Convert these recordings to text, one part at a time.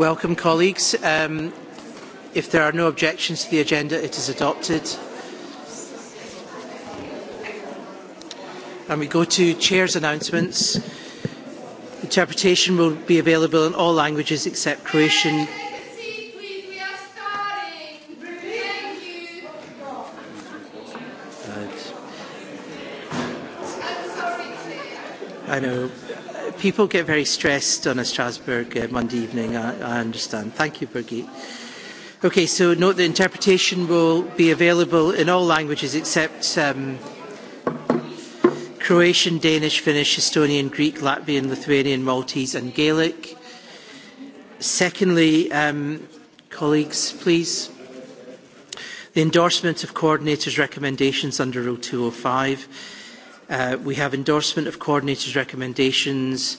Welcome, colleagues. Um, if there are no objections to the agenda, it is adopted. And we go to Chair's announcements. Interpretation will be available in all languages except Croatian, people get very stressed on a Strasbourg Monday evening, I understand. Thank you, Birgit. Okay, so note the interpretation will be available in all languages except Croatian, Danish, Finnish, Estonian, Greek, Latvian, Lithuanian, Maltese and Gaelic. Secondly, colleagues, please. The endorsement of coordinators' recommendations under Rule 205 We have endorsement of coordinators' recommendations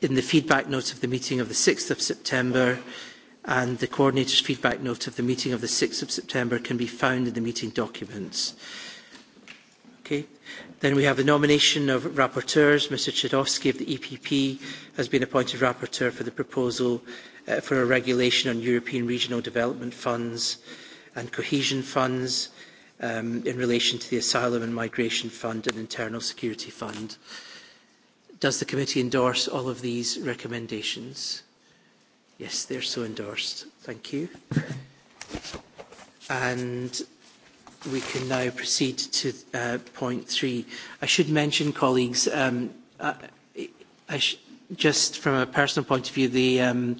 in the feedback notes of the meeting of the 6th of September, and the coordinators' feedback note of the meeting of the 6th of September can be found in the meeting documents. Okay. Then we have the nomination of rapporteurs. Mr. Chodowski of the EPP has been appointed rapporteur for the proposal for a regulation on European regional development funds and cohesion funds in relation to the Asylum and Migration Fund and Internal Security Fund. Does the committee endorse all of these recommendations? Yes, they're so endorsed. Thank you. And we can now proceed to point three. I should mention, colleagues, just from a personal point of view, the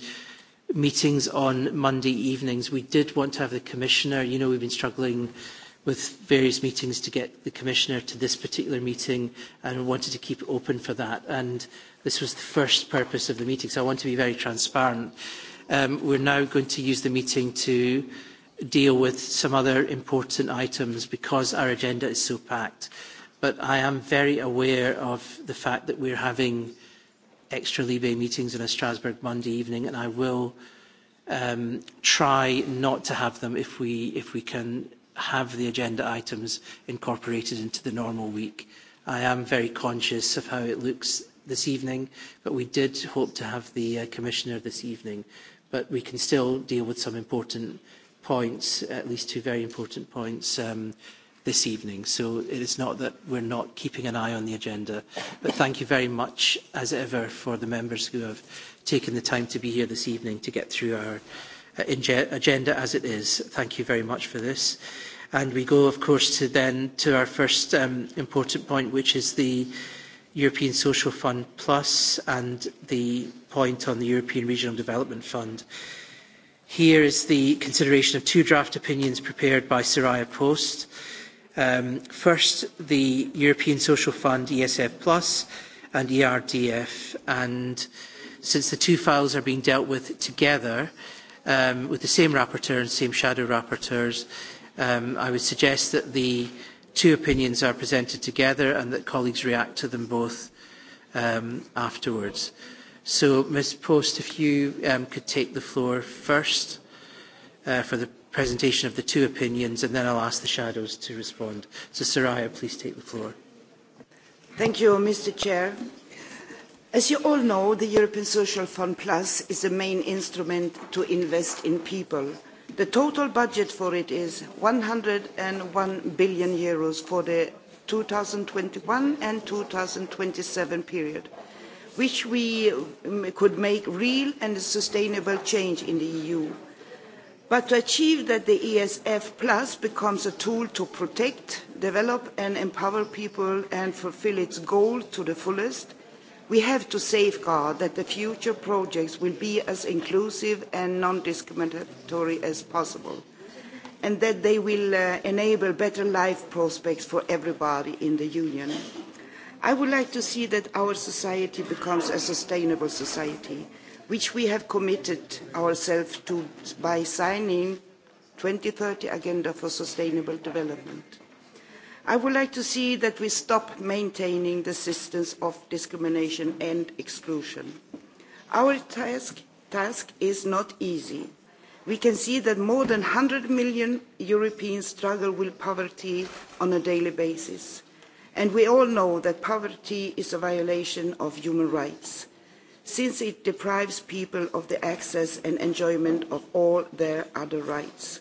meetings on Monday evenings, we did want to have the Commissioner. You know, we've been struggling with various meetings to get the Commissioner to this particular meeting and wanted to keep it open for that. And this was the first purpose of the meeting, so I want to be very transparent. Um, we're now going to use the meeting to deal with some other important items because our agenda is so packed. But I am very aware of the fact that we're having extra Libe meetings on a Strasbourg Monday evening, and I will um, try not to have them if we, if we can have the agenda items incorporated into the normal week. I am very conscious of how it looks this evening, but we did hope to have the Commissioner this evening. But we can still deal with some important points, at least two very important points this evening. So it is not that we're not keeping an eye on the agenda. But thank you very much, as ever, for the members who have taken the time to be here this evening to get through our agenda as it is. Thank you very much for this. And we go, of course, to then to our first important point, which is the European Social Fund Plus and the point on the European Regional Development Fund. Here is the consideration of two draft opinions prepared by Soraya Post. First, the European Social Fund ESF Plus and ERDF. And since the two files are being dealt with together, with the same rapporteur and same shadow rapporteurs. I would suggest that the two opinions are presented together and that colleagues react to them both afterwards. So, Ms. Post, if you could take the floor first for the presentation of the two opinions, and then I'll ask the shadows to respond. So, Soraya, please take the floor. Thank you, Mr. Chair. As you all know, the European Social Fund Plus is the main instrument to invest in people. The total budget for it is 101 billion euros for the 2021 and 2027 period, which we could make real and sustainable change in the EU. But to achieve that, the ESF Plus becomes a tool to protect, develop and empower people and fulfil its goal to the fullest we have to safeguard that the future projects will be as inclusive and non discriminatory as possible and that they will enable better life prospects for everybody in the union. I would like to see that our society becomes a sustainable society, which we have committed ourselves to by signing the 2030 Agenda for Sustainable Development. I would like to see that we stop maintaining the systems of discrimination and exclusion. Our task is not easy. We can see that more than 100 million Europeans struggle with poverty on a daily basis, and we all know that poverty is a violation of human rights, since it deprives people of the access and enjoyment of all their other rights.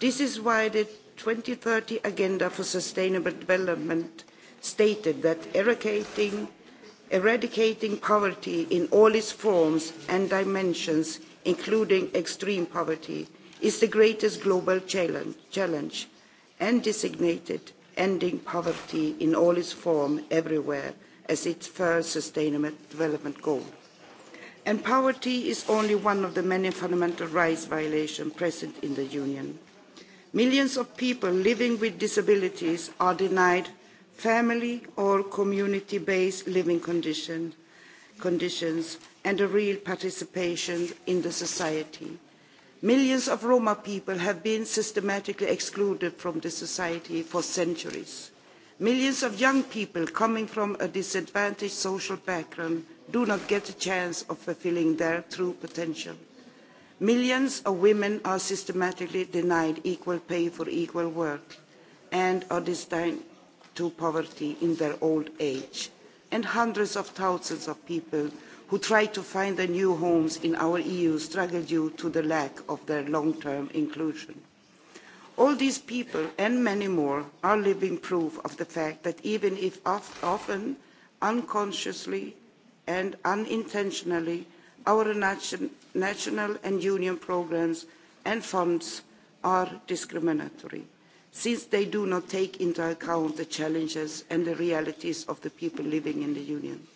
This is why the 2030 agenda for sustainable development stated that eradicating poverty in all its forms and dimensions including extreme poverty is the greatest global challenge and designated ending poverty in all its forms everywhere as its first sustainable development goal. and poverty is only one of the many fundamental rights violations present in the union millions of people living with disabilities are denied family or community based living conditions and a real participation in the society. millions of roma people have been systematically excluded from the society for centuries. millions of young people coming from a disadvantaged social background do not get a chance of fulfilling their true potential millions of women are systematically denied equal pay for equal work and are destined to poverty in their old age and hundreds of thousands of people who try to find their new homes in our eu struggle due to the lack of their long term inclusion. all these people and many more are living proof of the fact that even if often unconsciously and unintentionally our national and union programmes and funds are discriminatory since they do not take into account the challenges and the realities of the people living in the union.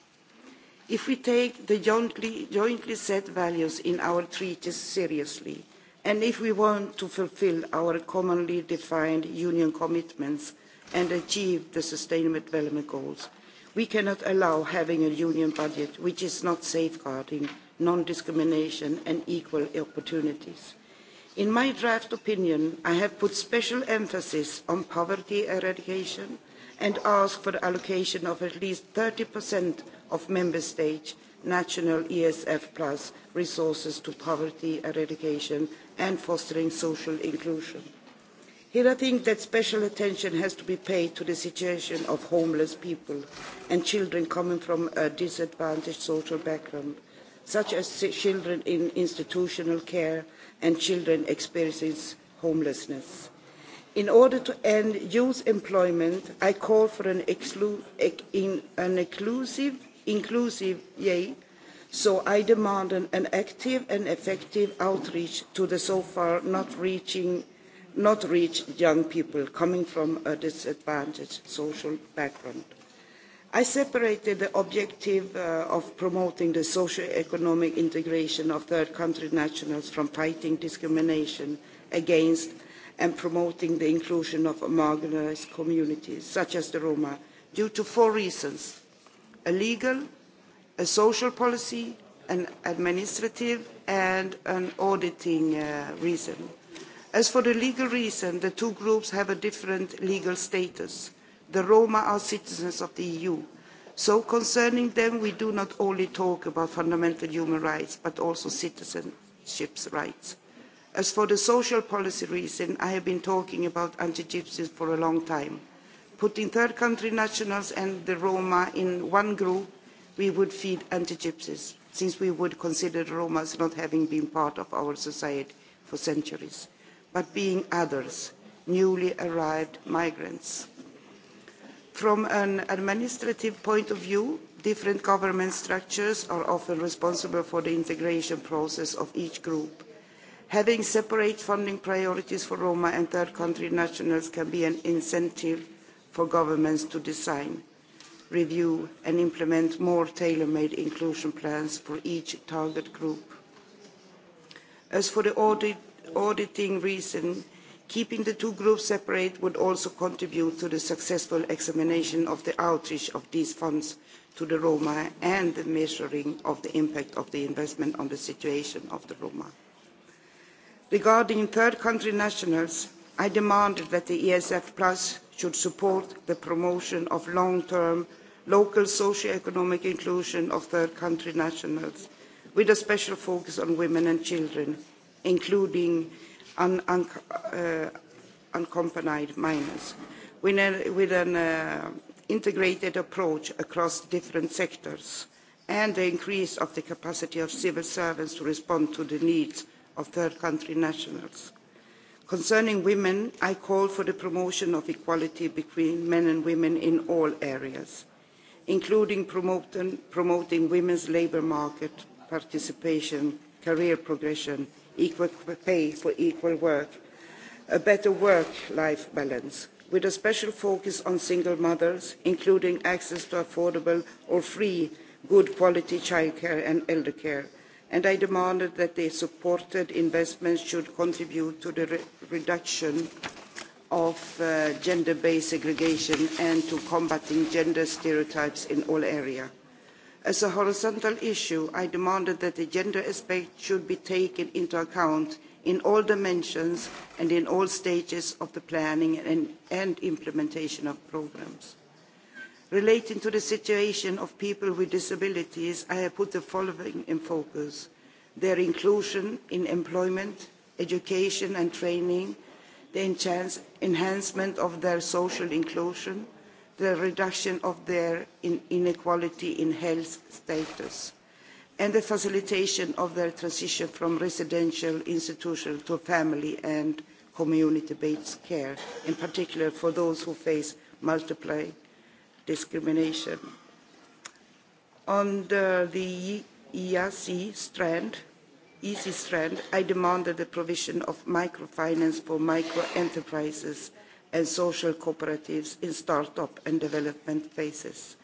if we take the jointly set values in our treaties seriously and if we want to fulfil our commonly defined union commitments and achieve the sustainable development goals we cannot allow having a union budget which is not safeguarding non-discrimination and equal opportunities. In my draft opinion, I have put special emphasis on poverty eradication and asked for the allocation of at least 30% of member states' national ESF plus resources to poverty eradication and fostering social inclusion. Here I think that special attention has to be paid to the situation of homeless people and children coming from a disadvantaged social background such as children in institutional care and children experiencing homelessness. In order to end youth employment, I call for an inclusive, inclusive so I demand an active and effective outreach to the so far not reaching not reached young people coming from a disadvantaged social background. I separated the objective of promoting the socio-economic integration of third country nationals from fighting discrimination against and promoting the inclusion of marginalised communities, such as the Roma, due to four reasons. A legal, a social policy, an administrative and an auditing reason. As for the legal reason, the two groups have a different legal status The Roma are citizens of the EU. So concerning them, we do not only talk about fundamental human rights, but also citizenship rights. As for the social policy reason, I have been talking about anti-gypsies for a long time. Putting third country nationals and the Roma in one group, we would feed anti-gypsies, since we would consider the Roma as not having been part of our society for centuries, but being others, newly arrived migrants From an administrative point of view, different government structures are often responsible for the integration process of each group. Having separate funding priorities for Roma and third country nationals can be an incentive for governments to design, review and implement more tailor-made inclusion plans for each target group. As for the auditing reason, keeping the two groups separate would also contribute to the successful examination of the outreach of these funds to the roma and the measuring of the impact of the investment on the situation of the roma. regarding third country nationals i demanded that the esf plus should support the promotion of long term local socio economic inclusion of third country nationals with a special focus on women and children including unaccompanied minors with an integrated approach across different sectors and the increase of the capacity of civil servants to respond to the needs of third country nationals. Concerning women, I call for the promotion of equality between men and women in all areas, including promoting women's labour market participation, career progression equal pay for equal work, a better work-life balance, with a special focus on single mothers, including access to affordable or free good quality childcare and elder care, and I demanded that the supported investments should contribute to the reduction of gender-based segregation and to combating gender stereotypes in all areas. As a horizontal issue, I demanded that the gender aspect should be taken into account in all dimensions and in all stages of the planning and implementation of programmes. Relating to the situation of people with disabilities, I have put the following in focus their inclusion in employment, education and training, the enhancement of their social inclusion, the reduction of their inequality in health status and the facilitation of their transition from residential institutional to family and community based care in particular for those who face multiple discrimination. on the EAC strand EC strand, I demanded the provision of microfinance for micro enterprises and social cooperatives in start-up and development phases,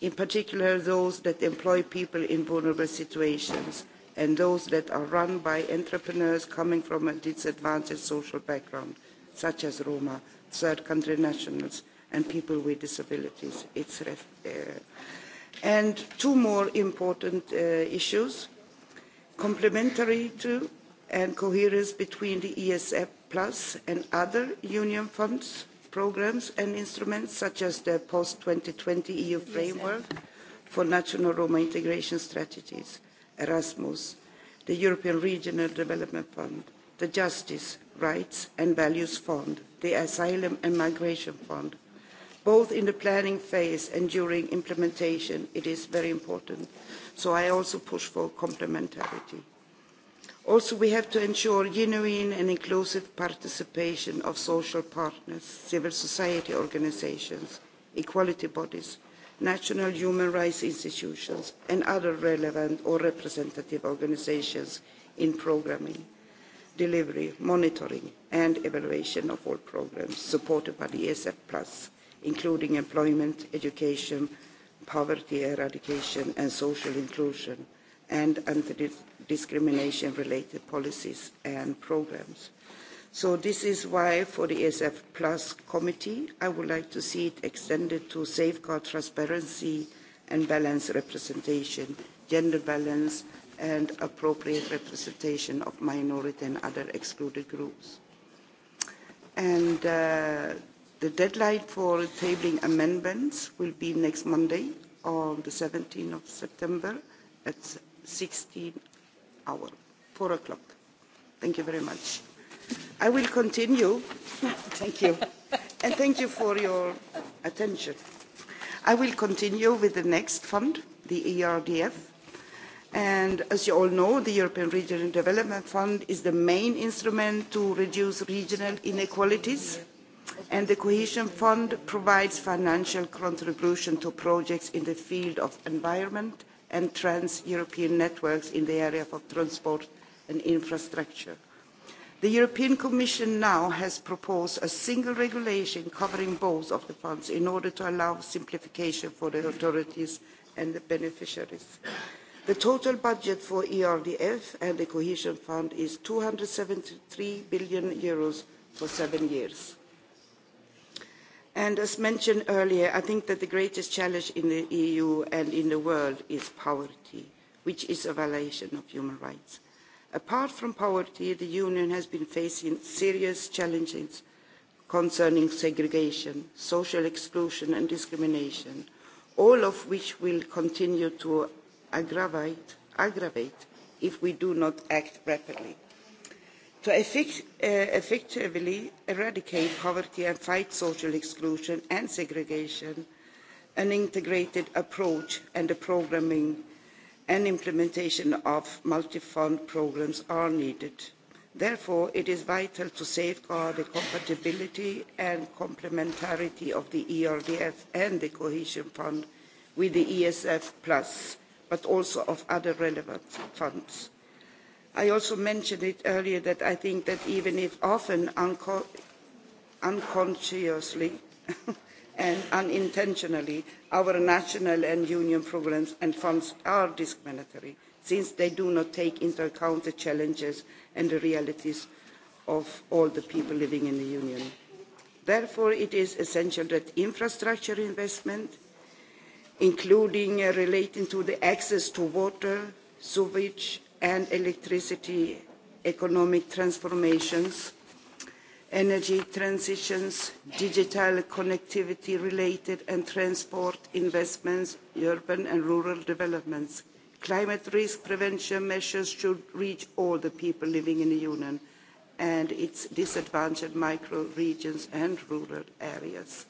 in particular those that employ people in vulnerable situations and those that are run by entrepreneurs coming from a disadvantaged social background, such as Roma, third country nationals and people with disabilities. And two more important issues, complementary to and coherence between the ESF Plus and other Union funds, programmes and instruments such as the post-2020 EU framework for national Roma integration strategies, Erasmus, the European Regional Development Fund, the Justice, Rights and Values Fund, the Asylum and Migration Fund. Both in the planning phase and during implementation, it is very important. So I also push for complementarity. Also, we have to ensure genuine and inclusive participation of social partners, civil society organisations, equality bodies, national human rights institutions and other relevant or representative organisations in programming, delivery, monitoring and evaluation of all programmes supported by the ESF+, including employment, education, poverty eradication and social inclusion and anti-discrimination related policies and programs. So this is why for the ESF Plus Committee, I would like to see it extended to safeguard transparency and balance representation, gender balance and appropriate representation of minority and other excluded groups. And the deadline for tabling amendments will be next Monday on the 17th of September at 16 hour 4 o'clock. Thank you very much. I will continue. Thank you. And thank you for your attention. I will continue with the next fund, the ERDF. And as you all know, the European Regional Development Fund is the main instrument to reduce regional inequalities and the Cohesion Fund provides financial contribution to projects in the field of environment, and trans-European networks in the area of transport and infrastructure. The European Commission now has proposed a single regulation covering both of the funds in order to allow simplification for the authorities and the beneficiaries. The total budget for ERDF and the Cohesion Fund is EUR 273 billion for seven years. And as mentioned earlier, I think that the greatest challenge in the EU and in the world is poverty, which is a violation of human rights. Apart from poverty, the Union has been facing serious challenges concerning segregation, social exclusion and discrimination, all of which will continue to aggravate if we do not act rapidly to effectively eradicate poverty and fight social exclusion and segregation an integrated approach and the programming and implementation of multi fund programmes are needed. therefore it is vital to safeguard the compatibility and complementarity of the erdf and the cohesion fund with the esf but also of other relevant funds. I also mentioned it earlier that I think that even if often unconsciously and unintentionally, our national and union programmes and funds are discriminatory, since they do not take into account the challenges and the realities of all the people living in the Union. Therefore, it is essential that infrastructure investment, including relating to the access to water, sewage, and electricity economic transformations, energy transitions, digital connectivity related and transport investments, urban and rural developments. Climate risk prevention measures should reach all the people living in the Union and its disadvantaged micro regions and rural areas.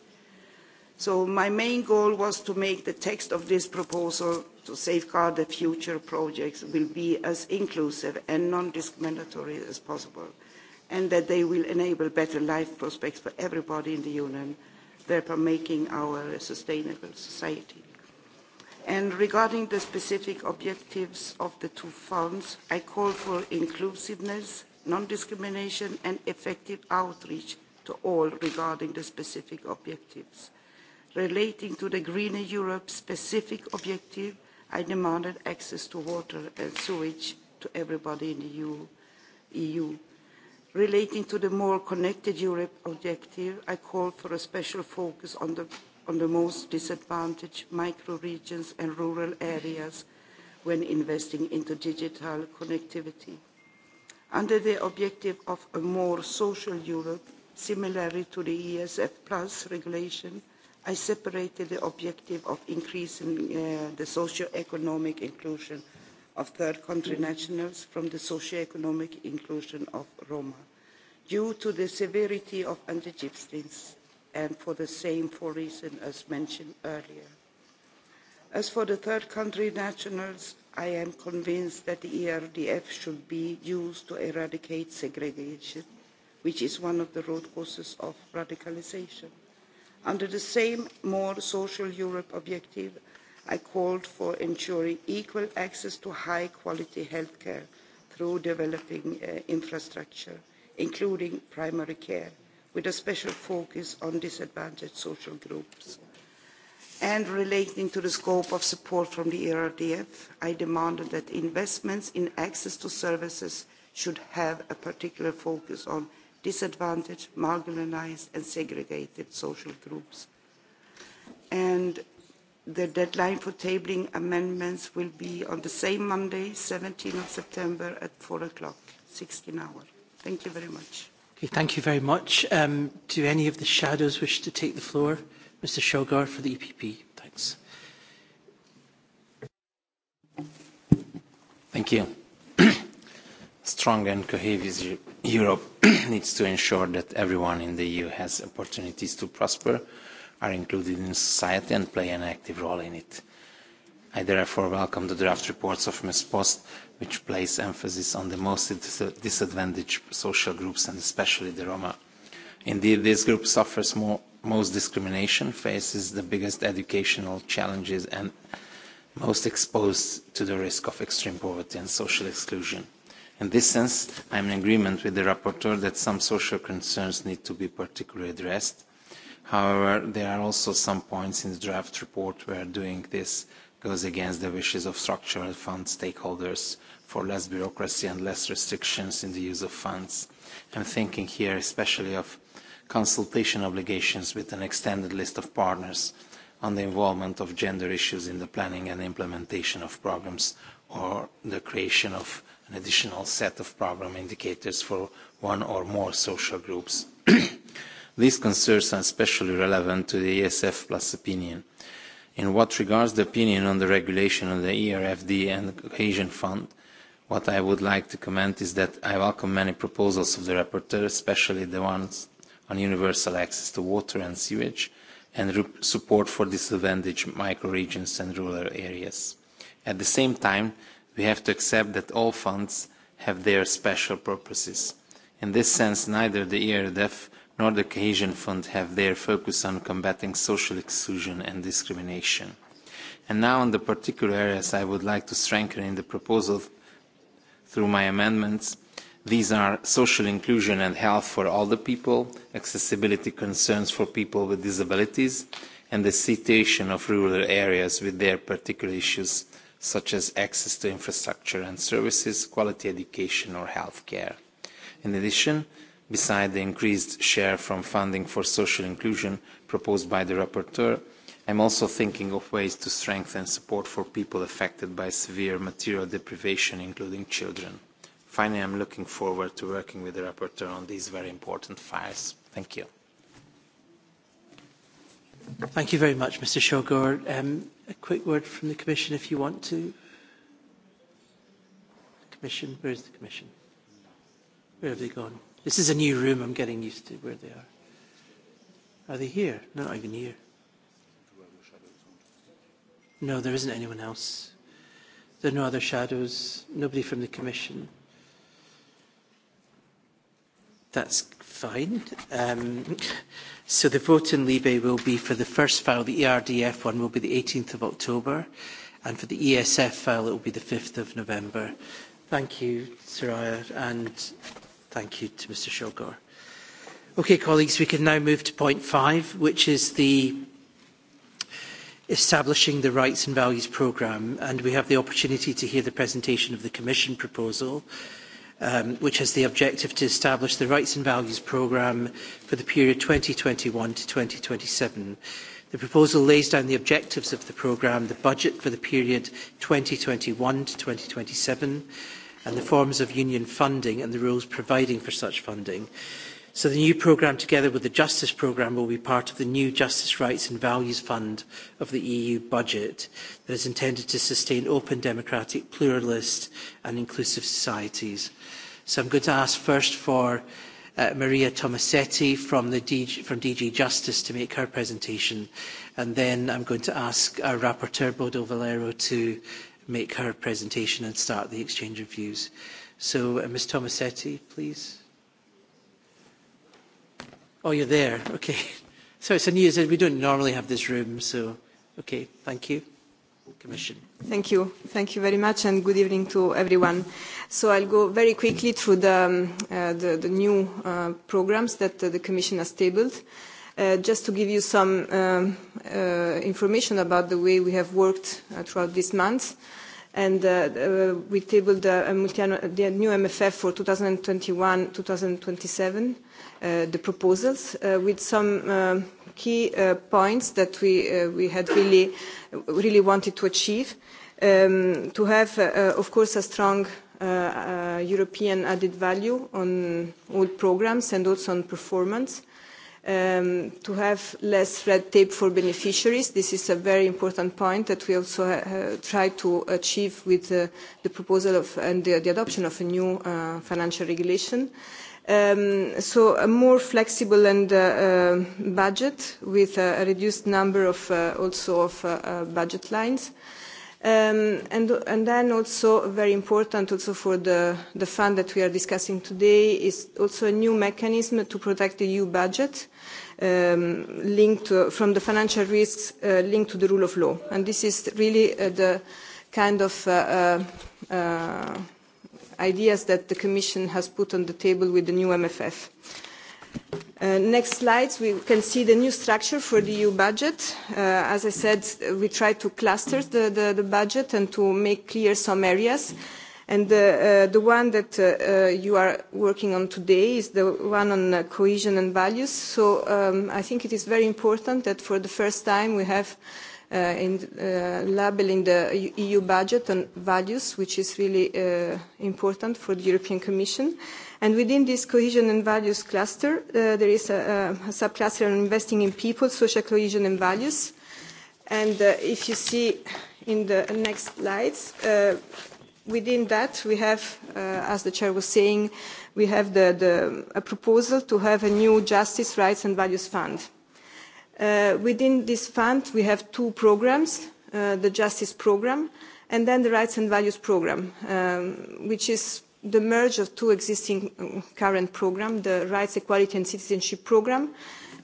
So my main goal was to make the text of this proposal to safeguard the future projects will be as inclusive and non-discriminatory as possible and that they will enable better life prospects for everybody in the Union, thereby making our sustainable society. And regarding the specific objectives of the two funds, I call for inclusiveness, non-discrimination and effective outreach to all regarding the specific objectives relating to the Greener Europe specific objective, I demanded access to water and sewage to everybody in the EU. Relating to the more connected Europe objective, I called for a special focus on the most disadvantaged micro-regions and rural areas when investing into digital connectivity. Under the objective of a more social Europe, similarly to the ESF Plus regulation, I separated the objective of increasing the socio-economic inclusion of third country nationals from the socio-economic inclusion of Roma. Due to the severity of anti-gypsies and for the same four reasons as mentioned earlier. As for the third country nationals, I am convinced that the ERDF should be used to eradicate segregation, which is one of the root causes of radicalisation under the same more social europe objective i called for ensuring equal access to high quality healthcare care through developing infrastructure including primary care with a special focus on disadvantaged social groups. And relating to the scope of support from the ERDF, I demanded that investments in access to services should have a particular focus on disadvantaged, marginalized, and segregated social groups. And the deadline for tabling amendments will be on the same Monday, 17th of September at 4 o'clock, 16 hours. Thank you very much. thank you very much. Um, do any of the shadows wish to take the floor? Mr. Shogar for the EPP. Thanks. Thank you strong and cohesive Europe needs to ensure that everyone in the EU has opportunities to prosper, are included in society and play an active role in it. I therefore welcome the draft reports of Ms. Post, which place emphasis on the most disadvantaged social groups and especially the Roma. Indeed, this group suffers most discrimination, faces the biggest educational challenges and most exposed to the risk of extreme poverty and social exclusion In this sense, I am in agreement with the rapporteur that some social concerns need to be particularly addressed. However, there are also some points in the draft report where doing this goes against the wishes of structural fund stakeholders for less bureaucracy and less restrictions in the use of funds. I am thinking here especially of consultation obligations with an extended list of partners on the involvement of gender issues in the planning and implementation of programs or the creation of an additional set of problem indicators for one or more social groups. These concerns are especially relevant to the ESF Plus opinion. In what regards the opinion on the regulation of the ERFD and the Cohesion Fund, what I would like to comment is that I welcome many proposals of the rapporteur, especially the ones on universal access to water and sewage, and support for disadvantaged microregions and rural areas. At the same time, we have to accept that all funds have their special purposes. In this sense, neither the ERDF nor the Cohesion Fund have their focus on combating social exclusion and discrimination. And now on the particular areas I would like to strengthen in the proposal through my amendments, these are social inclusion and health for all the people, accessibility concerns for people with disabilities, and the situation of rural areas with their particular issues such as access to infrastructure and services, quality education or healthcare. In addition, beside the increased share from funding for social inclusion proposed by the rapporteur, I'm also thinking of ways to strengthen support for people affected by severe material deprivation, including children. Finally, I'm looking forward to working with the rapporteur on these very important files. Thank you. Thank you very much, Mr. Shogor. Um, a quick word from the Commission if you want to. Commission, where is the Commission? Where have they gone? This is a new room. I'm getting used to where they are. Are they here? Not even here. No, there isn't anyone else. There are no other shadows. Nobody from the Commission. That's fine. Um, So the vote in Libe will be for the first file, the ERDF one will be the 18th of October, and for the ESF file it will be the 5th of November. Thank you, Soraya, and thank you to Mr. Shogor. Okay, colleagues, we can now move to point five, which is the establishing the Rights and Values Programme, and we have the opportunity to hear the presentation of the Commission proposal which has the objective to establish the Rights and Values Programme for the period 2021 to 2027. The proposal lays down the objectives of the programme, the budget for the period 2021 to 2027, and the forms of union funding and the rules providing for such funding. So the new programme, together with the Justice programme, will be part of the new Justice Rights and Values Fund of the EU budget that is intended to sustain open, democratic, pluralist and inclusive societies. So I'm going to ask first for Maria Tomasetti from the from DG Justice to make her presentation, and then I'm going to ask our rapporteur Bodo Valero to make her presentation and start the exchange of views. So, Ms. Tomasetti, please. Oh, you're there. Okay. So it's a news that we don't normally have this room. So, okay. Thank you. Commission. Thank you. Thank you very much and good evening to everyone. So I'll go very quickly through the, the, the new uh, programs that the Commission has tabled. Just to give you some information about the way we have worked throughout this month, and we tabled the new MFF for 2021-2027 the proposals with some key points that we we had really really wanted to achieve to have of course a strong European added value on all programmes and also on performance to have less red tape for beneficiaries. This is a very important point that we also try to achieve with the proposal of and the adoption of a new financial regulation So a more flexible and budget with a reduced number of also of budget lines, and then also very important also for the the fund that we are discussing today is also a new mechanism to protect the EU budget linked from the financial risks linked to the rule of law, and this is really the kind of ideas that the Commission has put on the table with the new MFF. Next slide, we can see the new structure for the EU budget. As I said, we try to cluster the budget and to make clear some areas. And the one that you are working on today is the one on cohesion and values. So I think it is very important that for the first time we have in labelling the EU budget on values, which is really important for the European Commission. And within this cohesion and values cluster, there is a subcluster on investing in people, social cohesion and values. And if you see in the next slides, within that we have, as the chair was saying, we have a proposal to have a new justice, rights and values fund Within this fund, we have two programs, the Justice Program and then the Rights and Values Program, which is the merge of two existing current programmes: the Rights, Equality and Citizenship Program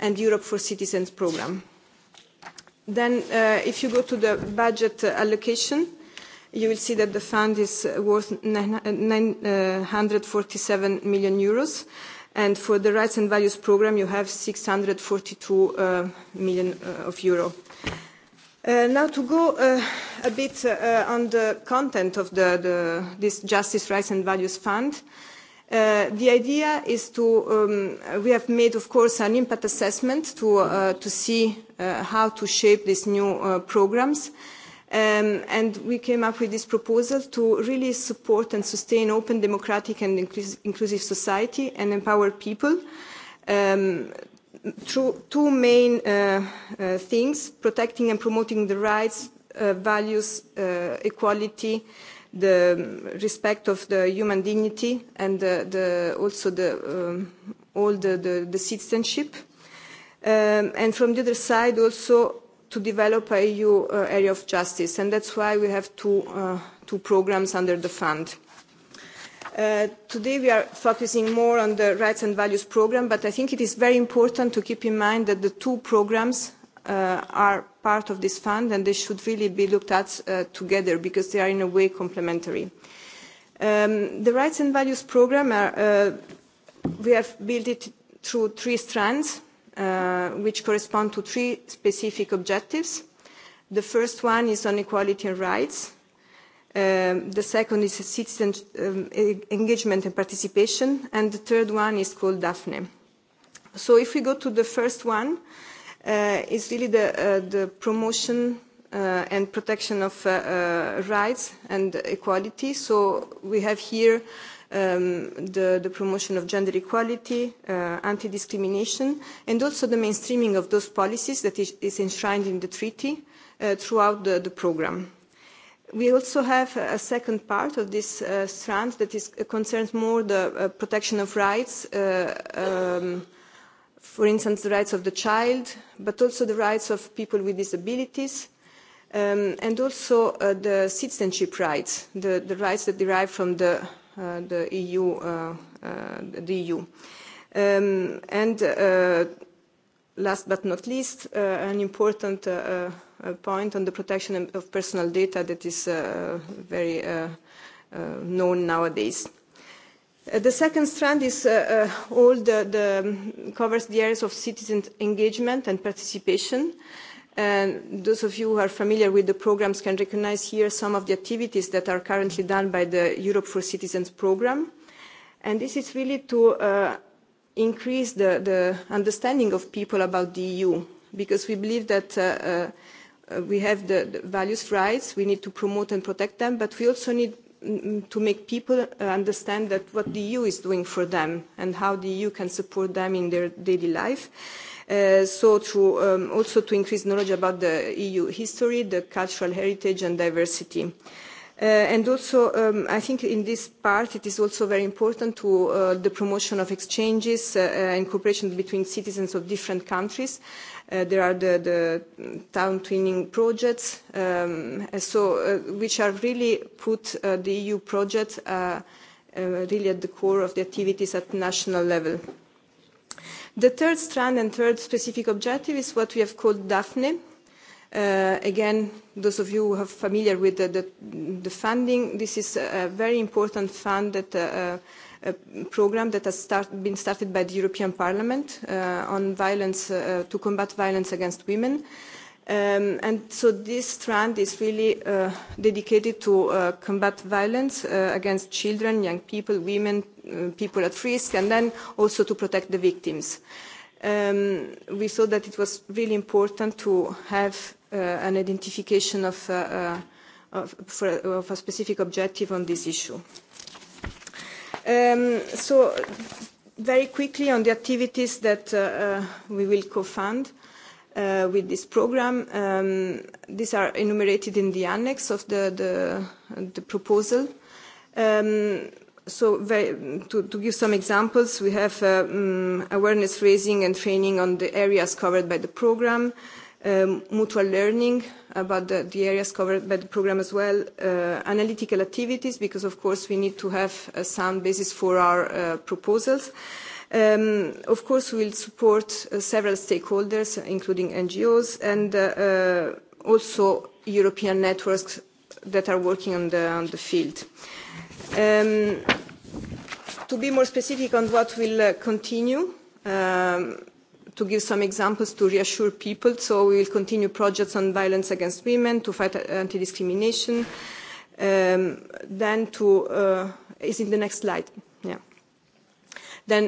and Europe for Citizens Program. Then, if you go to the budget allocation, you will see that the fund is worth 947 million euros and for the Rights and Values Programme you have 642 million of euro. Now to go a bit on the content of this Justice, Rights and Values Fund. The idea is to, we have made of course an impact assessment to to see how to shape these new programmes and we came up with this proposal to really support and sustain open democratic and inclusive society and empower people through two main things protecting and promoting the rights values equality the respect of the human dignity and also all the citizenship and from the other side also to develop an EU area of justice, and that's why we have two programmes under the fund. Today we are focusing more on the Rights and Values programme, but I think it is very important to keep in mind that the two programmes are part of this fund and they should really be looked at together because they are in a way complementary. The Rights and Values programme, we have built it through three strands which correspond to three specific objectives. The first one is on equality and rights. The second is citizen engagement and participation. And the third one is called DAPHNE. So if we go to the first one, it's really the promotion and protection of rights and equality. So we have here the promotion of gender equality, anti-discrimination, and also the mainstreaming of those policies that is enshrined in the treaty throughout the programme. We also have a second part of this strand that concerns more the protection of rights, for instance, the rights of the child, but also the rights of people with disabilities, and also the citizenship rights, the rights that derive from the the EU. The EU. And last but not least, an important point on the protection of personal data that is very known nowadays. The second strand is all the covers the areas of citizen engagement and participation And those of you who are familiar with the programs can recognize here some of the activities that are currently done by the Europe for Citizens program. And this is really to increase the understanding of people about the EU, because we believe that we have the values rights, we need to promote and protect them, but we also need to make people understand that what the EU is doing for them and how the EU can support them in their daily life so to also to increase knowledge about the EU history, the cultural heritage and diversity. And also, I think in this part it is also very important to the promotion of exchanges and cooperation between citizens of different countries. There are the town twinning projects, so which are really put the EU uh really at the core of the activities at national level. The third strand and third specific objective is what we have called DAPHNE. Again, those of you who are familiar with the funding, this is a very important fund that program that has been started by the European Parliament on violence to combat violence against women And so this strand is really dedicated to combat violence against children, young people, women, people at risk, and then also to protect the victims. We saw that it was really important to have an identification of a specific objective on this issue. So very quickly on the activities that we will co-fund with this program. These are enumerated in the annex of the proposal. So to give some examples, we have awareness raising and training on the areas covered by the program, mutual learning about the areas covered by the program as well, analytical activities, because of course we need to have a sound basis for our proposals Of course, we will support several stakeholders, including NGOs and also European networks that are working on the field. To be more specific on what will continue, to give some examples to reassure people, so we will continue projects on violence against women, to fight anti-discrimination, then to... Is in the next slide. Then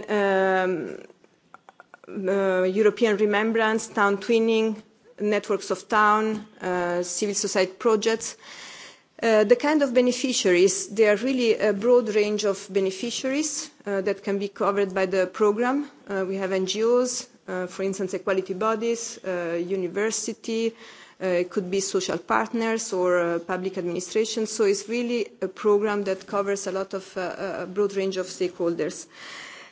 European Remembrance, Town Twinning, Networks of Town, civil society projects. The kind of beneficiaries, there are really a broad range of beneficiaries that can be covered by the program. We have NGOs, for instance, equality bodies, university, it could be social partners or public administration. So it's really a program that covers a lot of a broad range of stakeholders.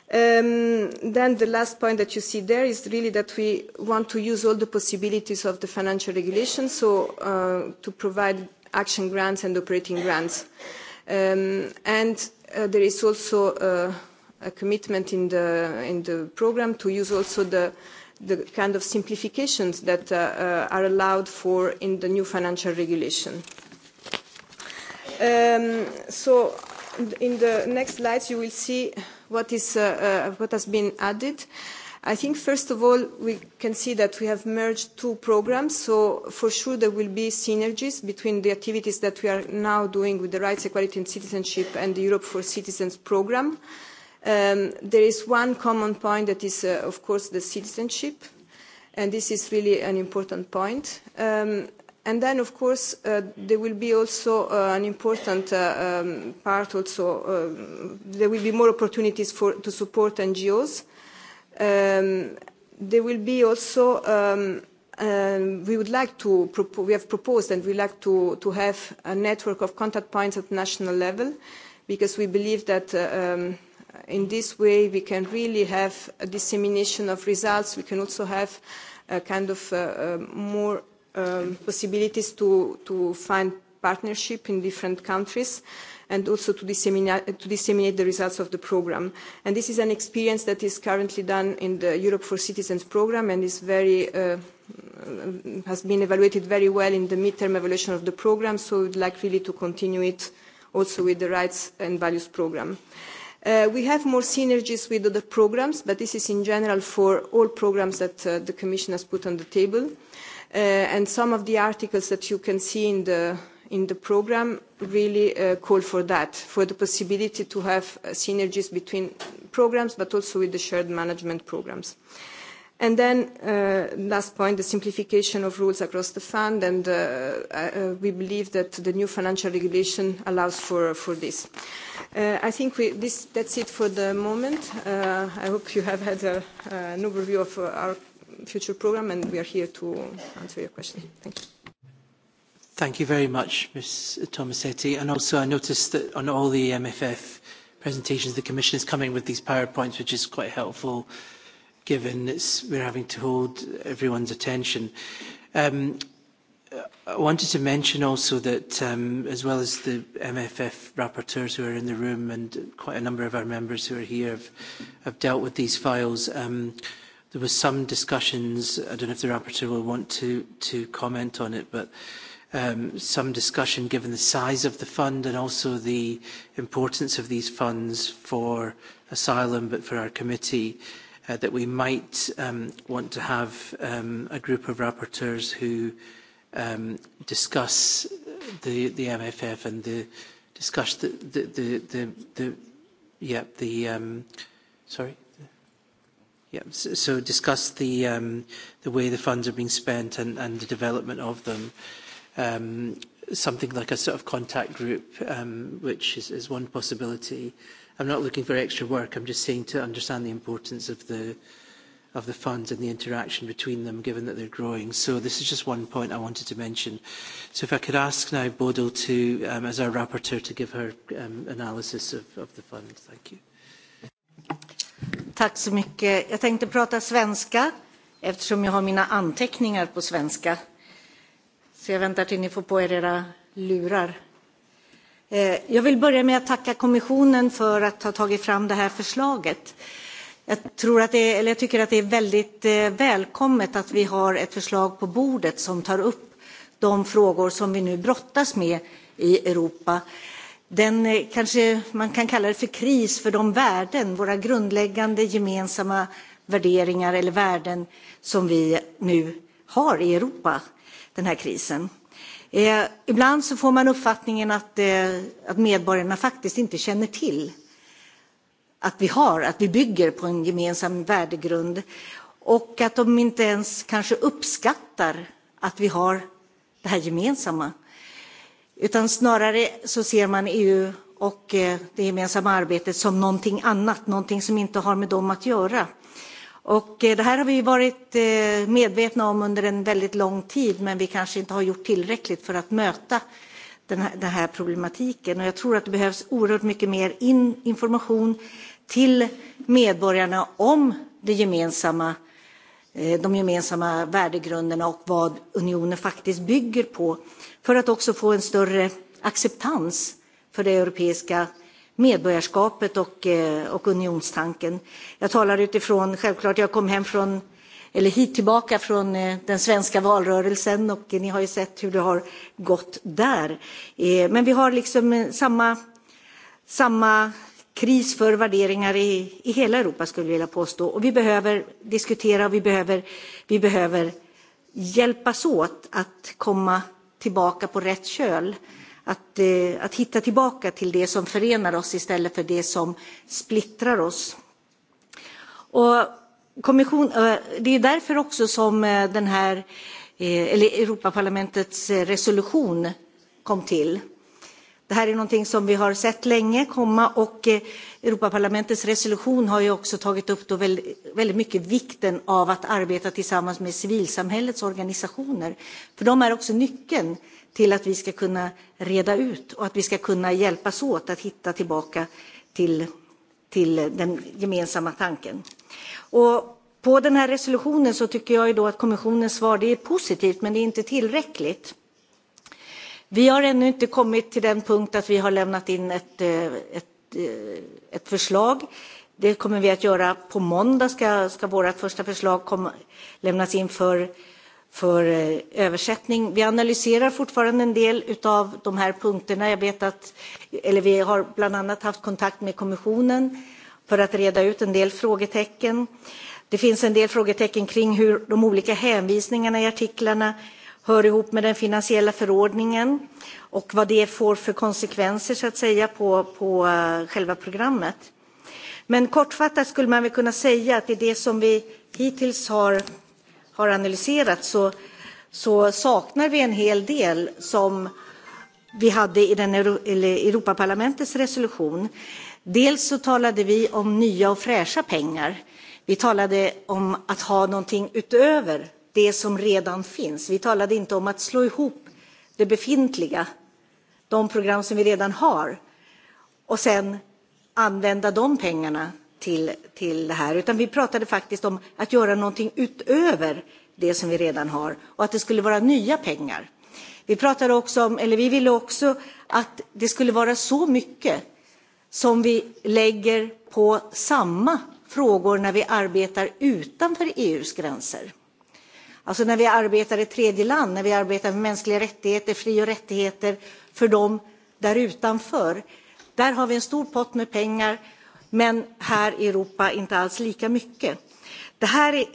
Then the last point that you see there is really that we want to use all the possibilities of the financial regulation, so to provide action grants and operating grants. And there is also a commitment in the in the programme to use also the the kind of simplifications that are allowed for in the new financial regulation. So in the next slides you will see what has been added. I think, first of all, we can see that we have merged two programs, so for sure there will be synergies between the activities that we are now doing with the Rights, Equality and Citizenship and the Europe for Citizens programme. There is one common point that is, of course, the citizenship, and this is really an important point. And then, of course, there will be also an important part. Also, there will be more opportunities for to support NGOs. There will be also. We would like to. We have proposed and we like to to have a network of contact points at national level, because we believe that in this way we can really have a dissemination of results. We can also have a kind of more possibilities to to find partnership in different countries and also to disseminate the results of the program. And this is an experience that is currently done in the Europe for Citizens program and is very has been evaluated very well in the mid term evaluation of the program, so we would like really to continue it also with the Rights and Values program. We have more synergies with other programs, but this is in general for all programs that the Commission has put on the table and some of the articles that you can see in the in the programme really call for that, for the possibility to have synergies between programmes, but also with the shared management programmes. And then, last point, the simplification of rules across the fund, and we believe that the new financial regulation allows for for this. I think that's it for the moment. I hope you have had an overview of our future programme and we are here to answer your question. Thank you. Thank you very much, Ms. Tomasetti. And also, I noticed that on all the MFF presentations, the Commission is coming with these PowerPoints, which is quite helpful, given it's, we're having to hold everyone's attention. Um, I wanted to mention also that, um, as well as the MFF rapporteurs who are in the room and quite a number of our members who are here have, have dealt with these files, um, There was some discussions, I don't know if the rapporteur will want to, to comment on it, but um, some discussion given the size of the fund and also the importance of these funds for asylum, but for our committee, uh, that we might um, want to have um, a group of rapporteurs who um, discuss the, the MFF and the, discuss the, the, the, the, the yeah, the, um, sorry? Yeah, so discuss the way the funds are being spent and, the development of them. something like a sort of contact group, which is, one possibility. I'm not looking for extra work. I'm just saying to understand the importance of the of funds and the interaction between them, given that they're growing. So this is just one point I wanted to mention. So if I could ask now Bodil to, as our rapporteur, to give her analysis of, of the fund. Thank you. Tack så mycket. Jag tänkte prata svenska eftersom jag har mina anteckningar på svenska. Så jag väntar tills ni får på era lurar. Jag vill börja med att tacka kommissionen för att ha tagit fram det här förslaget. Jag tror att det, eller jag tycker att det är väldigt välkommet att vi har ett förslag på bordet som tar upp de frågor som vi nu brottas med i Europa den kanske man kan kalla det för kris för de värden, våra grundläggande gemensamma värderingar eller värden som vi nu har i Europa, den här krisen. Ibland så får man uppfattningen att medborgarna faktiskt inte känner till att vi har, att vi bygger på en gemensam värdegrund och att de inte ens kanske uppskattar att vi har det här gemensamma. Utan snarare så ser man EU och det gemensamma arbetet som någonting annat, någonting som inte har med dem att göra. Och det här har vi varit medvetna om under en väldigt lång tid, men vi kanske inte har gjort tillräckligt för att möta den här, den här problematiken. Och jag tror att det behövs oerhört mycket mer in, information till medborgarna om det gemensamma, de gemensamma värdegrunderna och vad unionen faktiskt bygger på för att också få en större acceptans för det europeiska medborgarskapet och unionstanken. Jag talar utifrån, självklart, jag kom hem från, eller hit tillbaka från den svenska valrörelsen och ni har ju sett hur det har gått där. Men vi har liksom samma, samma kris för värderingar i, i hela Europa skulle jag vilja påstå. Och vi behöver diskutera och vi behöver, vi behöver hjälpas åt att komma tillbaka på rätt köl. Att, att hitta tillbaka till det som förenar oss istället för det som splittrar oss. Och kommission, det är därför också som den här, eller Europaparlamentets resolution kom till Det här är någonting som vi har sett länge komma och Europaparlamentets resolution har ju också tagit upp då väldigt mycket vikten av att arbeta tillsammans med civilsamhällets organisationer. För de är också nyckeln till att vi ska kunna reda ut och att vi ska kunna hjälpas åt att hitta tillbaka till den gemensamma tanken. På den här resolutionen så tycker jag att kommissionens svar är positivt men det är inte tillräckligt. Vi har ännu inte kommit till den punkt att vi har lämnat in ett förslag. Det kommer vi att göra. På måndag ska vårt första förslag lämnas in för översättning. Vi analyserar fortfarande en del av de här punkterna. Vi har bland annat haft kontakt med kommissionen för att reda ut en del frågetecken. Det finns en del frågetecken kring hur de olika hänvisningarna i artiklarna hör ihop med den finansiella förordningen och vad det får för konsekvenser så att säga på, på själva programmet. Men kortfattat skulle man väl kunna säga att i det som vi hittills har, har analyserat så, så saknar vi en hel del som vi hade i den Europaparlamentets resolution. Dels så talade vi om nya och fräscha pengar. Vi talade om att ha någonting utöver det som redan finns. Vi talade inte om att slå ihop det befintliga, de program som vi redan har, och sen använda de pengarna till, till det här. Utan vi pratade faktiskt om att göra någonting utöver det som vi redan har och att det skulle vara nya pengar. Vi, pratade också om, eller vi ville också att det skulle vara så mycket som vi lägger på samma frågor när vi arbetar utanför EUs gränser. Alltså när vi arbetar i tredje land, när vi arbetar med mänskliga rättigheter, fri och rättigheter för dem där utanför. Där har vi en stor pott med pengar, men här i Europa inte alls lika mycket. Det här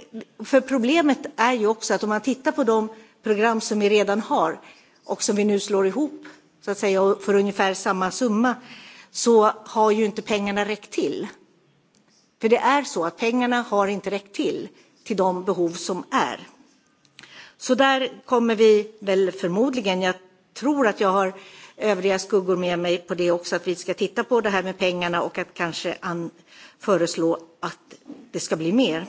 för problemet är ju också att om man tittar på de program som vi redan har och som vi nu slår ihop så att säga för ungefär samma summa så har ju inte pengarna räckt till. För det är så att pengarna har inte räckt till till de behov som är. Så där kommer vi väl förmodligen, jag tror att jag har övriga skuggor med mig på det också, att vi ska titta på det här med pengarna och att kanske föreslå att det ska bli mer.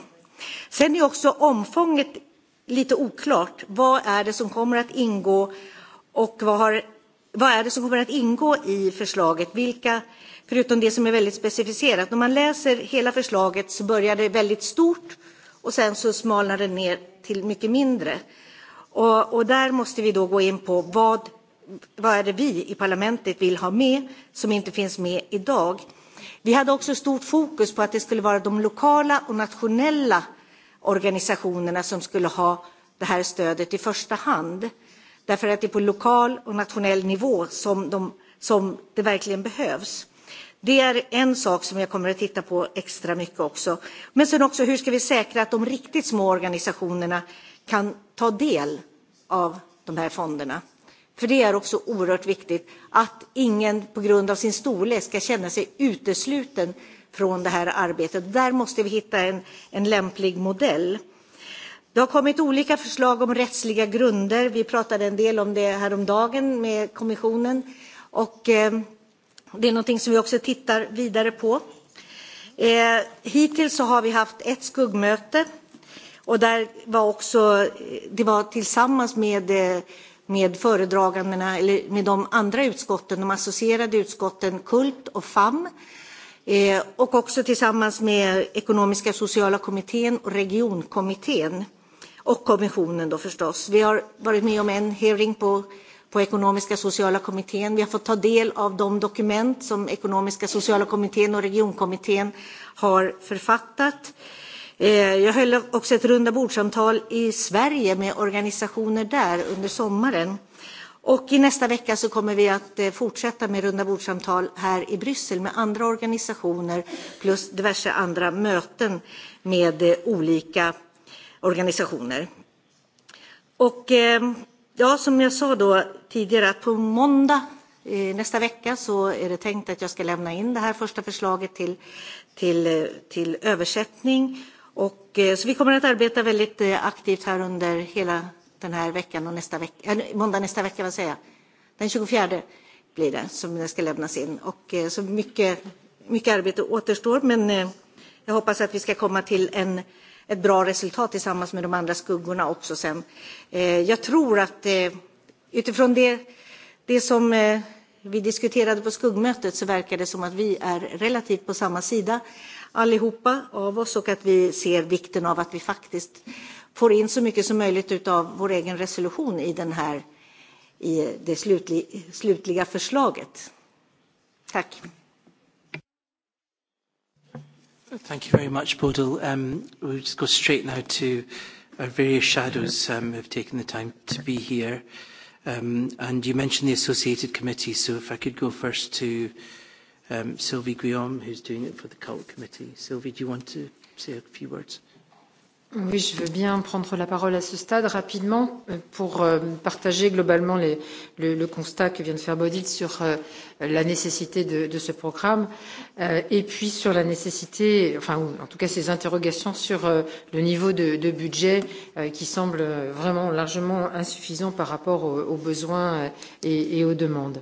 Sen är också omfånget lite oklart. Vad är det som kommer att ingå och vad har Vad är det som kommer att ingå i förslaget? Vilka, förutom det som är väldigt specificerat. När man läser hela förslaget så börjar det väldigt stort och sen så smalnar det ner till mycket mindre. Och där måste vi då gå in på vad är det vi i parlamentet vill ha med som inte finns med idag. Vi hade också stort fokus på att det skulle vara de lokala och nationella organisationerna som skulle ha det här stödet i första hand. Därför att det är på lokal och nationell nivå som det verkligen behövs. Det är en sak som jag kommer att titta på extra mycket också. Men sen också hur ska vi säkra att de riktigt små organisationerna kan ta del av de här fonderna? För det är också oerhört viktigt att ingen på grund av sin storlek ska känna sig utesluten från det här arbetet. Där måste vi hitta en lämplig modell. Det har kommit olika förslag om rättsliga grunder. Vi pratade en del om det häromdagen med kommissionen. Det är någonting som vi också tittar vidare på. Hittills så har vi haft ett skuggmöte och där var också, det var tillsammans med med föredragandena eller med de andra utskotten, de associerade utskotten KULT och FAM och också tillsammans med ekonomiska och sociala kommittén och regionkommittén och kommissionen då förstås. Vi har varit med om en hearing på på Ekonomiska sociala kommittén. Vi har fått ta del av de dokument som Ekonomiska sociala kommittén och regionkommittén har författat. Jag höll också ett rundabordssamtal i Sverige med organisationer där under sommaren. Och i nästa vecka så kommer vi att fortsätta med rundabordssamtal här i Bryssel med andra organisationer plus diverse andra möten med olika organisationer. Och Ja, som jag sa då tidigare att på måndag nästa vecka så är det tänkt att jag ska lämna in det här första förslaget till, till, till översättning. Och, så vi kommer att arbeta väldigt aktivt här under hela den här veckan och nästa vecka, äh, måndag nästa vecka, vad säger jag? Den 24 blir det som det ska lämnas in. Och, så mycket, mycket arbete återstår men jag hoppas att vi ska komma till en ett bra resultat tillsammans med de andra skuggorna också sen. Jag tror att utifrån det, det som vi diskuterade på skuggmötet så verkar det som att vi är relativt på samma sida allihopa av oss och att vi ser vikten av att vi faktiskt får in så mycket som möjligt av vår egen resolution i den här i det slutliga förslaget. Tack. Thank you very much, Bodil. Um, we'll just go straight now to our various shadows um, have taken the time to be here. Um, and you mentioned the associated committee, so if I could go first to um, Sylvie Guillaume, who's doing it for the cult committee. Sylvie, do you want to say a few words? Oui, je veux bien prendre la parole à ce stade rapidement pour partager globalement le constat que vient de faire Bodil sur la nécessité de ce programme et puis sur la nécessité, enfin en tout cas ces interrogations sur le niveau de budget qui semble vraiment largement insuffisant par rapport aux besoins et aux demandes.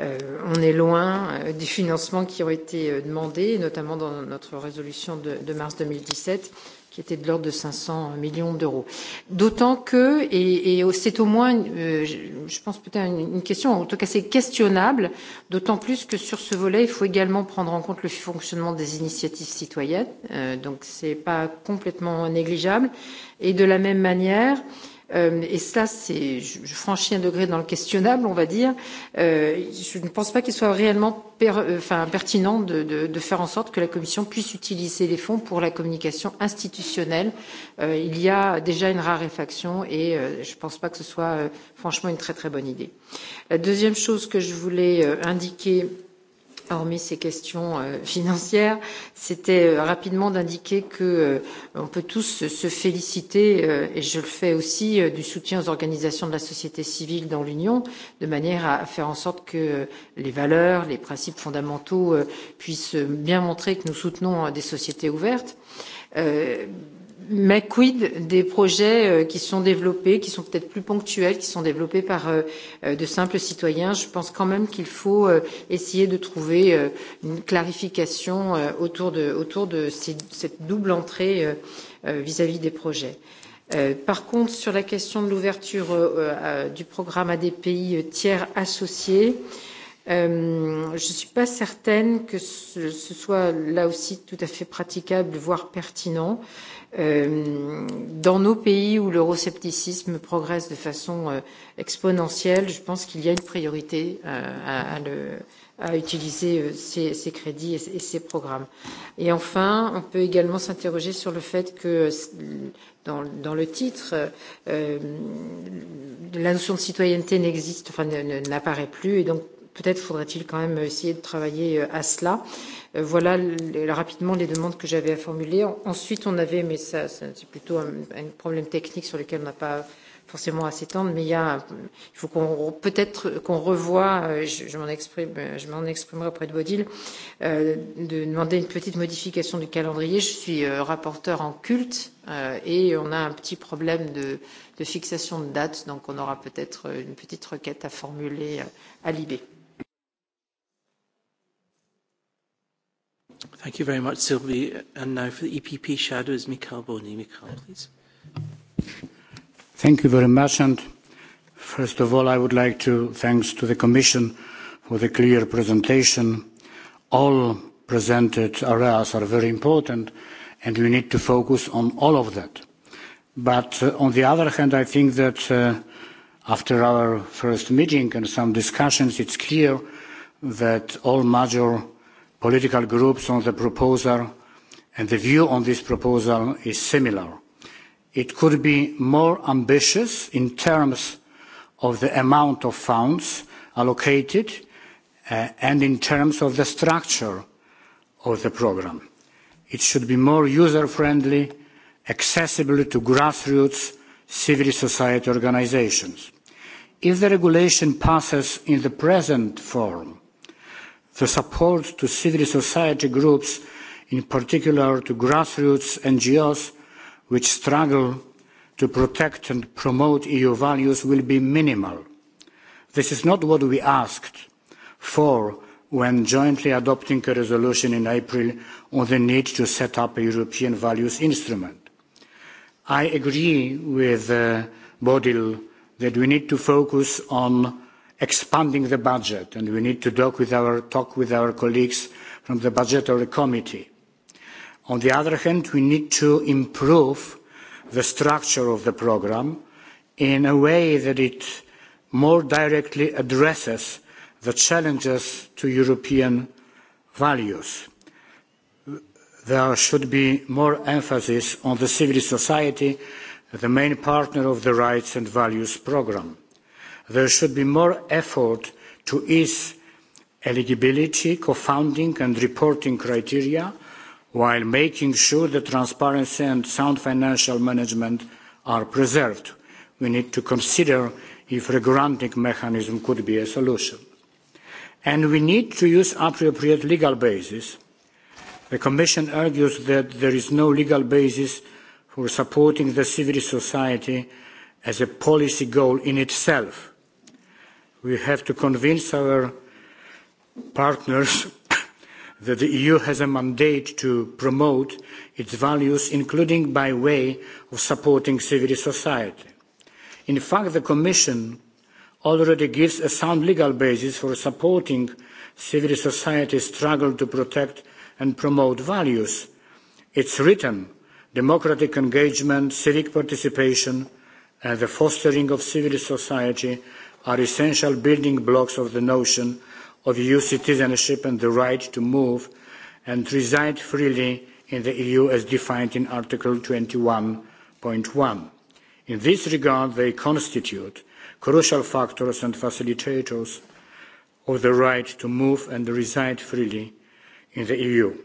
On est loin des financements qui ont été demandés, notamment dans notre résolution de mars 2017 qui était de l'ordre de 500 millions d'euros. D'autant que, et et c'est au moins, je pense peut-être une question, en tout cas c'est questionnable, d'autant plus que sur ce volet, il faut également prendre en compte le fonctionnement des initiatives citoyennes, donc ce n'est pas complètement négligeable. Et de la même manière, Et cela, c'est, je franchis un degré dans le questionnable, on va dire. Je ne pense pas qu'il soit réellement pertinent de faire en sorte que la Commission puisse utiliser les fonds pour la communication institutionnelle. Il y a déjà une raréfaction et je ne pense pas que ce soit franchement une très très bonne idée. La deuxième chose que je voulais indiquer hormis ces questions financières, c'était rapidement d'indiquer que on peut tous se féliciter, et je le fais aussi, du soutien aux organisations de la société civile dans l'Union, de manière à faire en sorte que les valeurs, les principes fondamentaux puissent bien montrer que nous soutenons des sociétés ouvertes. Mais quid des projets qui sont développés, qui sont peut-être plus ponctuels, qui sont développés par de simples citoyens Je pense quand même qu'il faut essayer de trouver une clarification autour de, autour de cette double entrée vis-à-vis des projets. Par contre, sur la question de l'ouverture du programme à des pays tiers associés, je ne suis pas certaine que ce soit là aussi tout à fait praticable, voire pertinent. Dans nos pays où l'euroscepticisme progresse de façon exponentielle, je pense qu'il y a une priorité à utiliser ces crédits et ces programmes. Et enfin, on peut également s'interroger sur le fait que, dans le titre, la notion de citoyenneté n'existe, enfin n'apparaît plus, et donc peut-être faudrait-il quand même essayer de travailler à cela. Voilà rapidement les demandes que j'avais à formuler. Ensuite, on avait, mais ça c'est plutôt un problème technique sur lequel on n'a pas forcément à s'étendre, mais il y a, il faut qu'on, peut-être qu'on revoie, je, m'en exprime, exprimerai auprès de Bodil, de demander une petite modification du calendrier. Je suis rapporteur en culte et on a un petit problème de, de fixation de date, donc on aura peut-être une petite requête à formuler à l'IB. Thank you very much, Sylvie. And now for the EPP shadow is Mikhail Boni. Mikhail, please. Thank you very much. And first of all, I would like to thanks to the Commission for the clear presentation. All presented areas are very important, and we need to focus on all of that. But on the other hand, I think that after our first meeting and some discussions, it's clear that all major political groups on the proposal and the view on this proposal is similar. It could be more ambitious in terms of the amount of funds allocated and in terms of the structure of the programme. It should be more user-friendly, accessible to grassroots civil society organisations. If the regulation passes in the present form, the support to civil society groups in particular to grassroots ngos which struggle to protect and promote eu values will be minimal. this is not what we asked for when jointly adopting a resolution in april on the need to set up a european values instrument. i agree with bodil that we need to focus on expanding the budget and we need to talk with our talk with our colleagues from the budgetary committee. On the other hand, we need to improve the structure of the programme in a way that it more directly addresses the challenges to European values. There should be more emphasis on the civil society, the main partner of the Rights and Values programme there should be more effort to ease eligibility co-founding and reporting criteria while making sure that transparency and sound financial management are preserved. We need to consider if a granting mechanism could be a solution. And we need to use appropriate legal basis. The Commission argues that there is no legal basis for supporting the civil society as a policy goal in itself we have to convince our partners that the eu has a mandate to promote its values including by way of supporting civil society. in fact the commission already gives a sound legal basis for supporting civil society's struggle to protect and promote values. it's written democratic engagement civic participation and the fostering of civil society are essential building blocks of the notion of EU citizenship and the right to move and reside freely in the EU as defined in Article 21.1. In this regard, they constitute crucial factors and facilitators of the right to move and reside freely in the EU.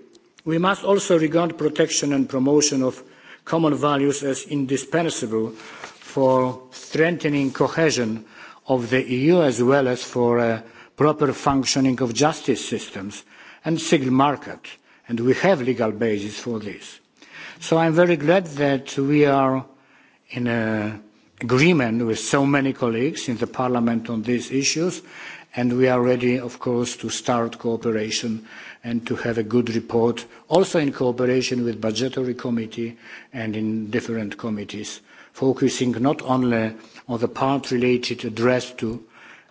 We must also regard protection and promotion of common values as indispensable for strengthening cohesion of the EU as well as for proper functioning of justice systems and single market, and we have legal basis for this. So I'm very glad that we are in agreement with so many colleagues in the Parliament on these issues, and we are ready, of course, to start cooperation and to have a good report, also in cooperation with Budgetary Committee and in different committees, focusing not only on the part related addressed to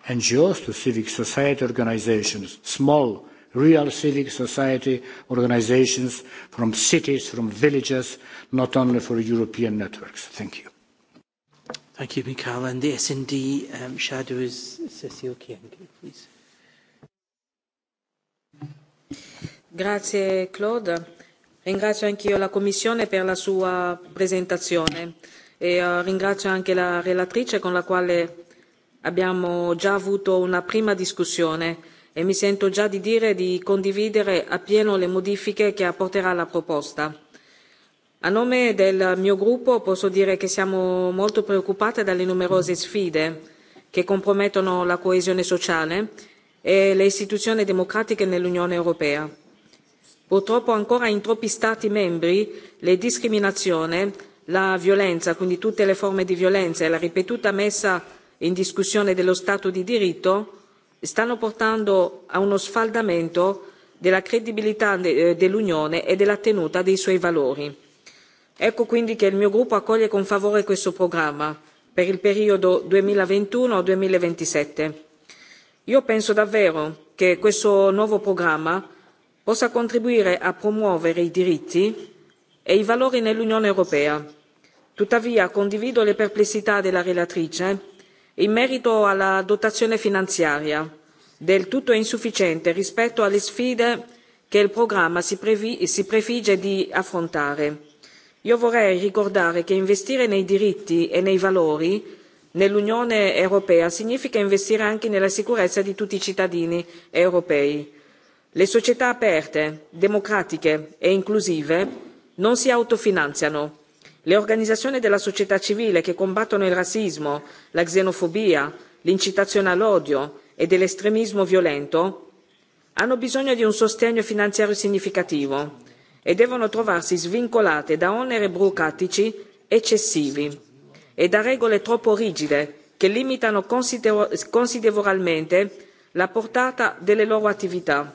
NGOs, to civic society organizations, small, real civic society organizations from cities, from villages, not only for European networks. Thank you. Thank you, Mikhail. And the S&D shadow is Cecile Kienge, please. Grazie, Claude. Ringrazio anch'io la Commissione per la sua presentazione e ringrazio anche la relatrice con la quale abbiamo già avuto una prima discussione e mi sento già di dire di condividere appieno le modifiche che apporterà la proposta. A nome del mio gruppo posso dire che siamo molto preoccupate dalle numerose sfide che compromettono la coesione sociale e le istituzioni democratiche nell'Unione europea. Purtroppo ancora in troppi Stati membri le discriminazioni la violenza quindi tutte le forme di violenza e la ripetuta messa in discussione dello stato di diritto stanno portando a uno sfaldamento della credibilità dell'unione e della tenuta dei suoi valori. ecco quindi che il mio gruppo accoglie con favore questo programma per il periodo 2021-2027. io penso davvero che questo nuovo programma possa contribuire a promuovere i diritti e i valori nell'unione europea. tuttavia condivido le perplessità della relatrice in merito alla dotazione finanziaria del tutto insufficiente rispetto alle sfide che il programma si prefigge di affrontare. io vorrei ricordare che investire nei diritti e nei valori nell'unione europea significa investire anche nella sicurezza di tutti i cittadini europei. le società aperte democratiche e inclusive non si autofinanziano. le organizzazioni della società civile che combattono il razzismo la xenofobia l'incitazione all'odio e dell'estremismo violento hanno bisogno di un sostegno finanziario significativo e devono trovarsi svincolate da oneri burocratici eccessivi e da regole troppo rigide che limitano considerevolmente la portata delle loro attività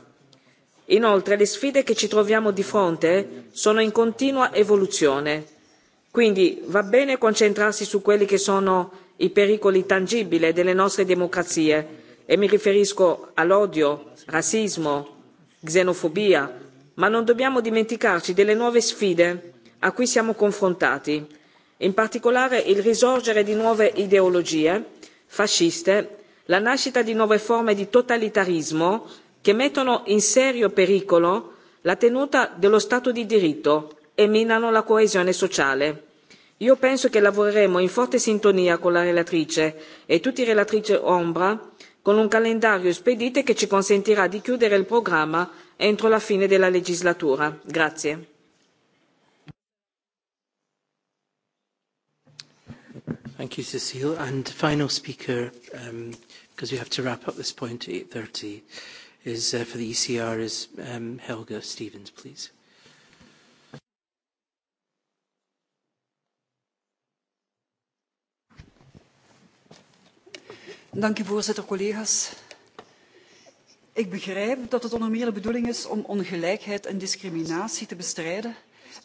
inoltre le sfide che ci troviamo di fronte sono in continua evoluzione quindi va bene concentrarsi su quelli che sono i pericoli tangibili delle nostre democrazie e mi riferisco all'odio razzismo xenofobia ma non dobbiamo dimenticarci delle nuove sfide a cui siamo confrontati in particolare il risorgere di nuove ideologie fasciste la nascita di nuove forme di totalitarismo che mettono in serio pericolo la tenuta dello Stato di diritto e minano la coesione sociale. Io penso che lavoreremo in forte sintonia con la relatrice e tutti i relatrici ombra con un calendario spedito che ci consentirà di chiudere il programma entro la fine della legislatura. Grazie. Thank is for the ECR is Helga Stevens, please. Dank u, voorzitter, collega's. Ik begrijp dat het onder meer bedoeling is om ongelijkheid en discriminatie te bestrijden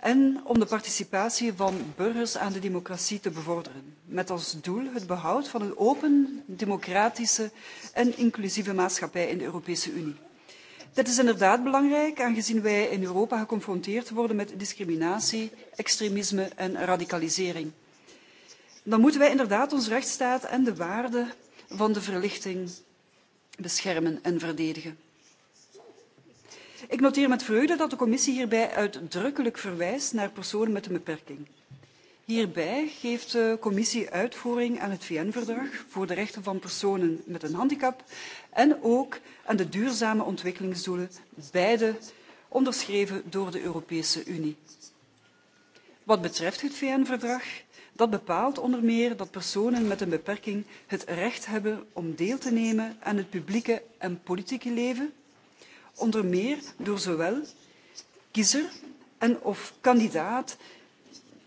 en om de participatie van burgers aan de democratie te bevorderen met als doel het behoud van een open democratische en inclusieve maatschappij in de europese unie. dit is inderdaad belangrijk aangezien wij in europa geconfronteerd worden met discriminatie extremisme en radicalisering. dan moeten wij inderdaad onze rechtsstaat en de waarden van de verlichting beschermen en verdedigen. Ik noteer met vreugde dat de commissie hierbij uitdrukkelijk verwijst naar personen met een beperking. Hierbij geeft de commissie uitvoering aan het VN-verdrag voor de rechten van personen met een handicap en ook aan de duurzame ontwikkelingsdoelen, beide onderschreven door de Europese Unie. Wat betreft het VN-verdrag, dat bepaalt onder meer dat personen met een beperking het recht hebben om deel te nemen aan het publieke en politieke leven onder meer door zowel kiezer en of kandidaat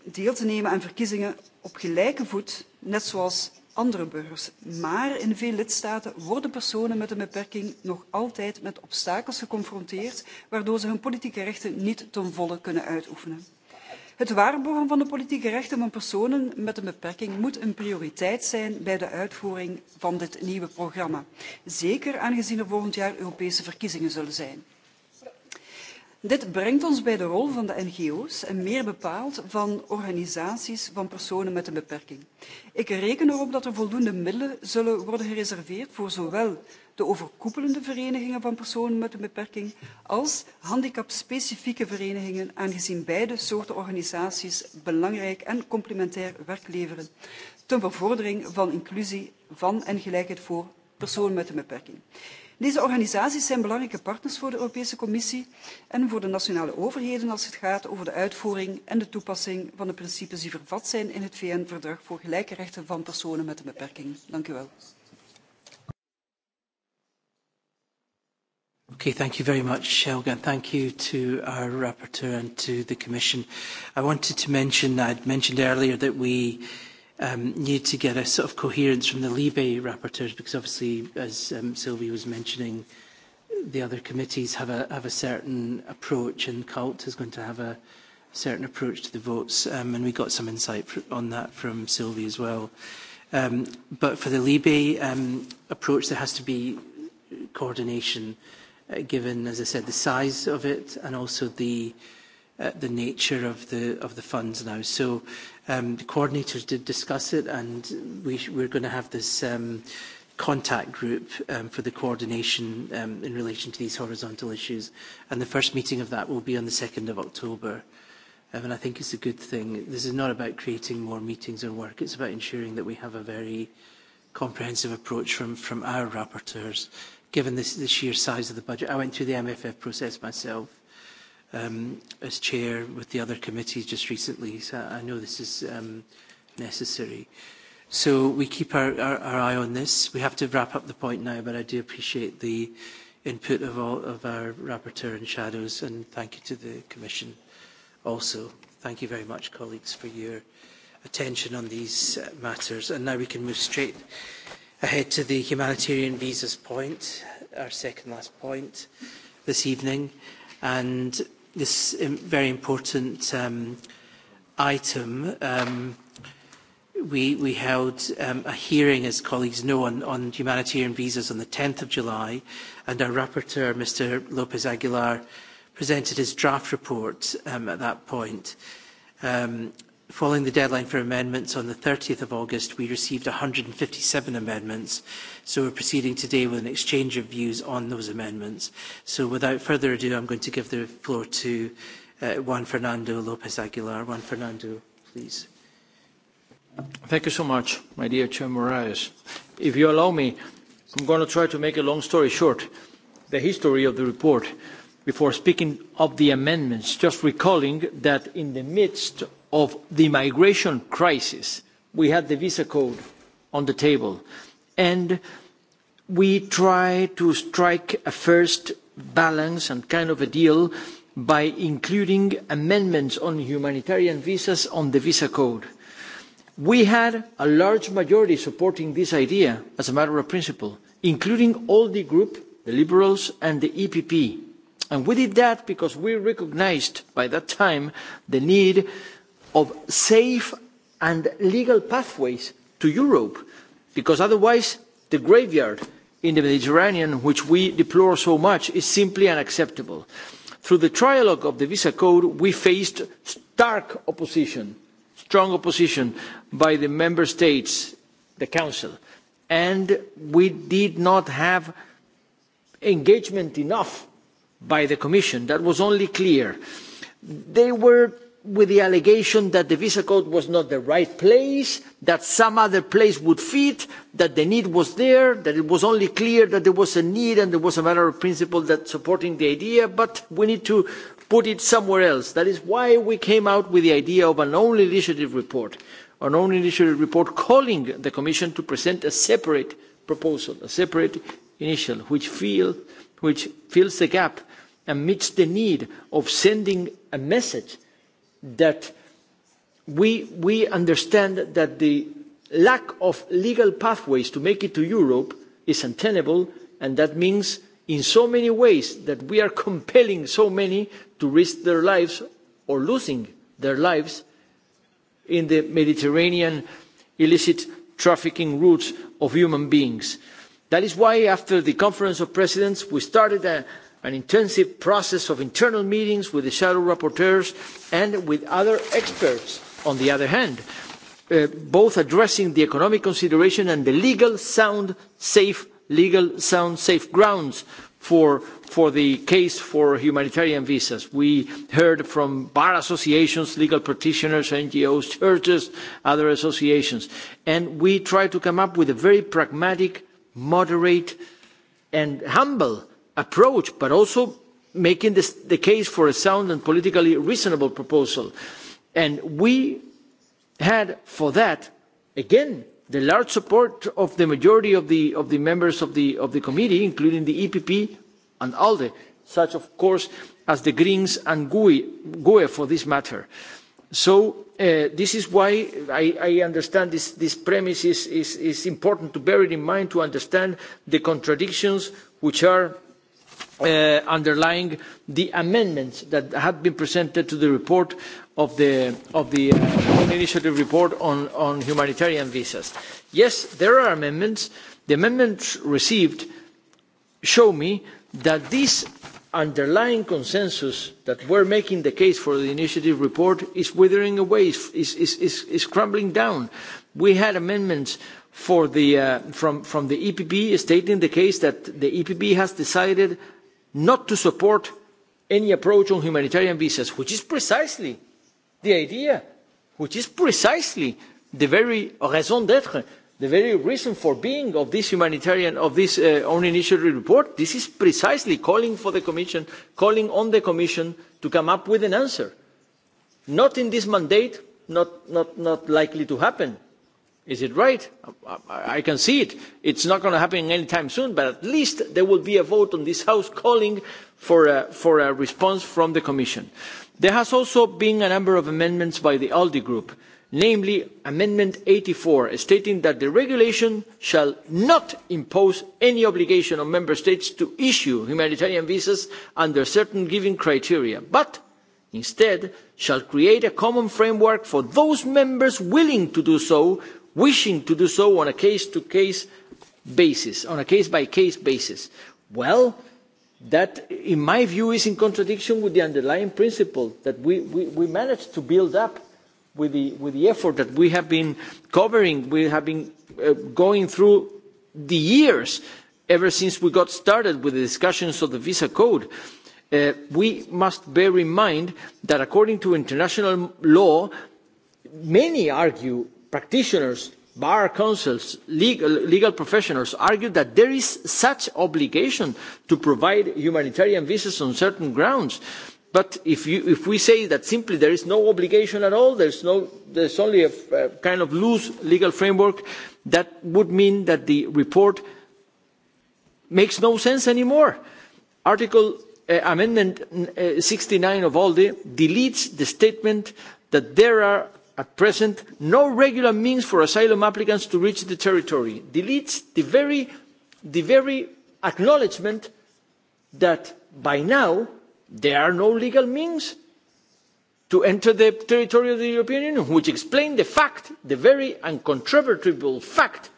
deel te nemen aan verkiezingen op gelijke voet, net zoals andere burgers. Maar in veel lidstaten worden personen met een beperking nog altijd met obstakels geconfronteerd, waardoor ze hun politieke rechten niet ten volle kunnen uitoefenen. Het waarborgen van de politieke rechten van personen met een beperking moet een prioriteit zijn bij de uitvoering van dit nieuwe programma. Zeker aangezien er volgend jaar Europese verkiezingen zullen zijn. Dit brengt ons bij de rol van de NGO's en meer bepaald van organisaties van personen met een beperking. Ik reken erop dat er voldoende middelen zullen worden gereserveerd voor zowel de overkoepelende verenigingen van personen met een beperking als handicapspecifieke verenigingen, aangezien beide soorten organisaties belangrijk en complementair werk leveren ten bevordering van inclusie van en gelijkheid voor personen met een beperking. Deze organisaties zijn belangrijke partners voor de Europese Commissie en voor de nationale overheden als het gaat over de uitvoering en de toepassing van de principes die vervat zijn in het VN-verdrag voor gelijke rechten van personen met een beperking. Dank u wel. Okay, thank you very much, Helga. Thank you to our rapporteur and to the Commission. I wanted to mention, I'd mentioned earlier that we um, need to get a sort of coherence from the Libe rapporteurs because obviously, as um, Sylvie was mentioning, the other committees have a, have a certain approach and CULT is going to have a certain approach to the votes and we got some insight on that from Sylvie as well. Um, but for the Libe um, approach, there has to be coordination given, as I said, the size of it and also the nature of the funds now. So the coordinators did discuss it, and we we're going to have this contact group for the coordination in relation to these horizontal issues. And the first meeting of that will be on the 2nd of October. And I think it's a good thing. This is not about creating more meetings or work. It's about ensuring that we have a very comprehensive approach from our rapporteurs given this, the sheer size of the budget. I went through the MFF process myself um, as chair with the other committees just recently, so I know this is um, necessary. So we keep our, our, our eye on this. We have to wrap up the point now, but I do appreciate the input of all of our rapporteur and shadows, and thank you to the Commission also. Thank you very much, colleagues, for your attention on these matters. And now we can move straight ahead to the humanitarian visas point, our second last point this evening, and this very important item. We we held a hearing, as colleagues know, on on humanitarian visas on the 10th of July, and our rapporteur, Mr. Lopez Aguilar, presented his draft report at that point. Following the deadline for amendments on the 30th of August, we received 157 amendments, so we're proceeding today with an exchange of views on those amendments. So without further ado, I'm going to give the floor to Juan Fernando Lopez Aguilar. Juan Fernando, please. Thank you so much, my dear Chair If you allow me, I'm going to try to make a long story short, the history of the report, before speaking of the amendments, just recalling that in the midst of the migration crisis, we had the visa code on the table, and we tried to strike a first balance and kind of a deal by including amendments on humanitarian visas on the visa code. We had a large majority supporting this idea as a matter of principle, including all the group, the Liberals and the EPP. And we did that because we recognized by that time the need of safe and legal pathways to Europe, because otherwise the graveyard in the Mediterranean, which we deplore so much, is simply unacceptable. Through the trialogue of the Visa Code, we faced stark opposition, strong opposition by the Member States, the Council, and we did not have engagement enough by the Commission. That was only clear. They were with the allegation that the visa code was not the right place that some other place would fit that the need was there that it was only clear that there was a need and there was a matter of principle that supporting the idea but we need to put it somewhere else. that is why we came out with the idea of an own initiative report an own initiative report calling the commission to present a separate proposal a separate initial which fills the gap and meets the need of sending a message that we we understand that the lack of legal pathways to make it to Europe is untenable, and that means in so many ways that we are compelling so many to risk their lives or losing their lives in the Mediterranean illicit trafficking routes of human beings. That is why, after the Conference of Presidents, we started a an intensive process of internal meetings with the shadow rapporteurs and with other experts on the other hand both addressing the economic consideration and the legal sound safe legal sound safe grounds for the case for humanitarian visas. We heard from bar associations, legal practitioners, NGOs, churches, other associations. And we tried to come up with a very pragmatic, moderate and humble approach but also making the case for a sound and politically reasonable proposal and we had for that again the large support of the majority of the members of the committee including the epp and alde such of course as the greens and gue for this matter. so this is why i understand this premise is important to bear it in mind to understand the contradictions which are underlying the amendments that had been presented to the report of the own initiative report on humanitarian visas. Yes, there are amendments. The amendments received show me that this underlying consensus that we're making the case for the initiative report is withering away, is crumbling down. We had amendments from the EPP stating the case that the EPP has decided not to support any approach on humanitarian visas, which is precisely the idea, which is precisely the very raison d'être, the very reason for being of this humanitarian, of this own initiative report. This is precisely calling for the Commission, calling on the Commission to come up with an answer. Not in this mandate, not likely to happen Is it right? I can see it. It's not going to happen anytime soon, but at least there will be a vote on this House calling for a response from the Commission. There has also been a number of amendments by the ALDE Group, namely Amendment 84, stating that the regulation shall not impose any obligation on Member States to issue humanitarian visas under certain given criteria, but instead shall create a common framework for those members willing to do so wishing to do so on a case to case basis on a case by case basis well that in my view is in contradiction with the underlying principle that we we managed to build up with the with the effort that we have been covering we have been going through the years ever since we got started with the discussions of the visa code we must bear in mind that according to international law many argue practitioners bar councils legal professionals argue that there is such obligation to provide humanitarian visas on certain grounds but if we say that simply there is no obligation at all there's no there's only a kind of loose legal framework that would mean that the report makes no sense anymore article amendment 69 of ALDE deletes the statement that there are At present, no regular means for asylum applicants to reach the territory deletes the very acknowledgement that by now there are no legal means to enter the territory of the European Union, which explains the fact, the very incontrovertible fact,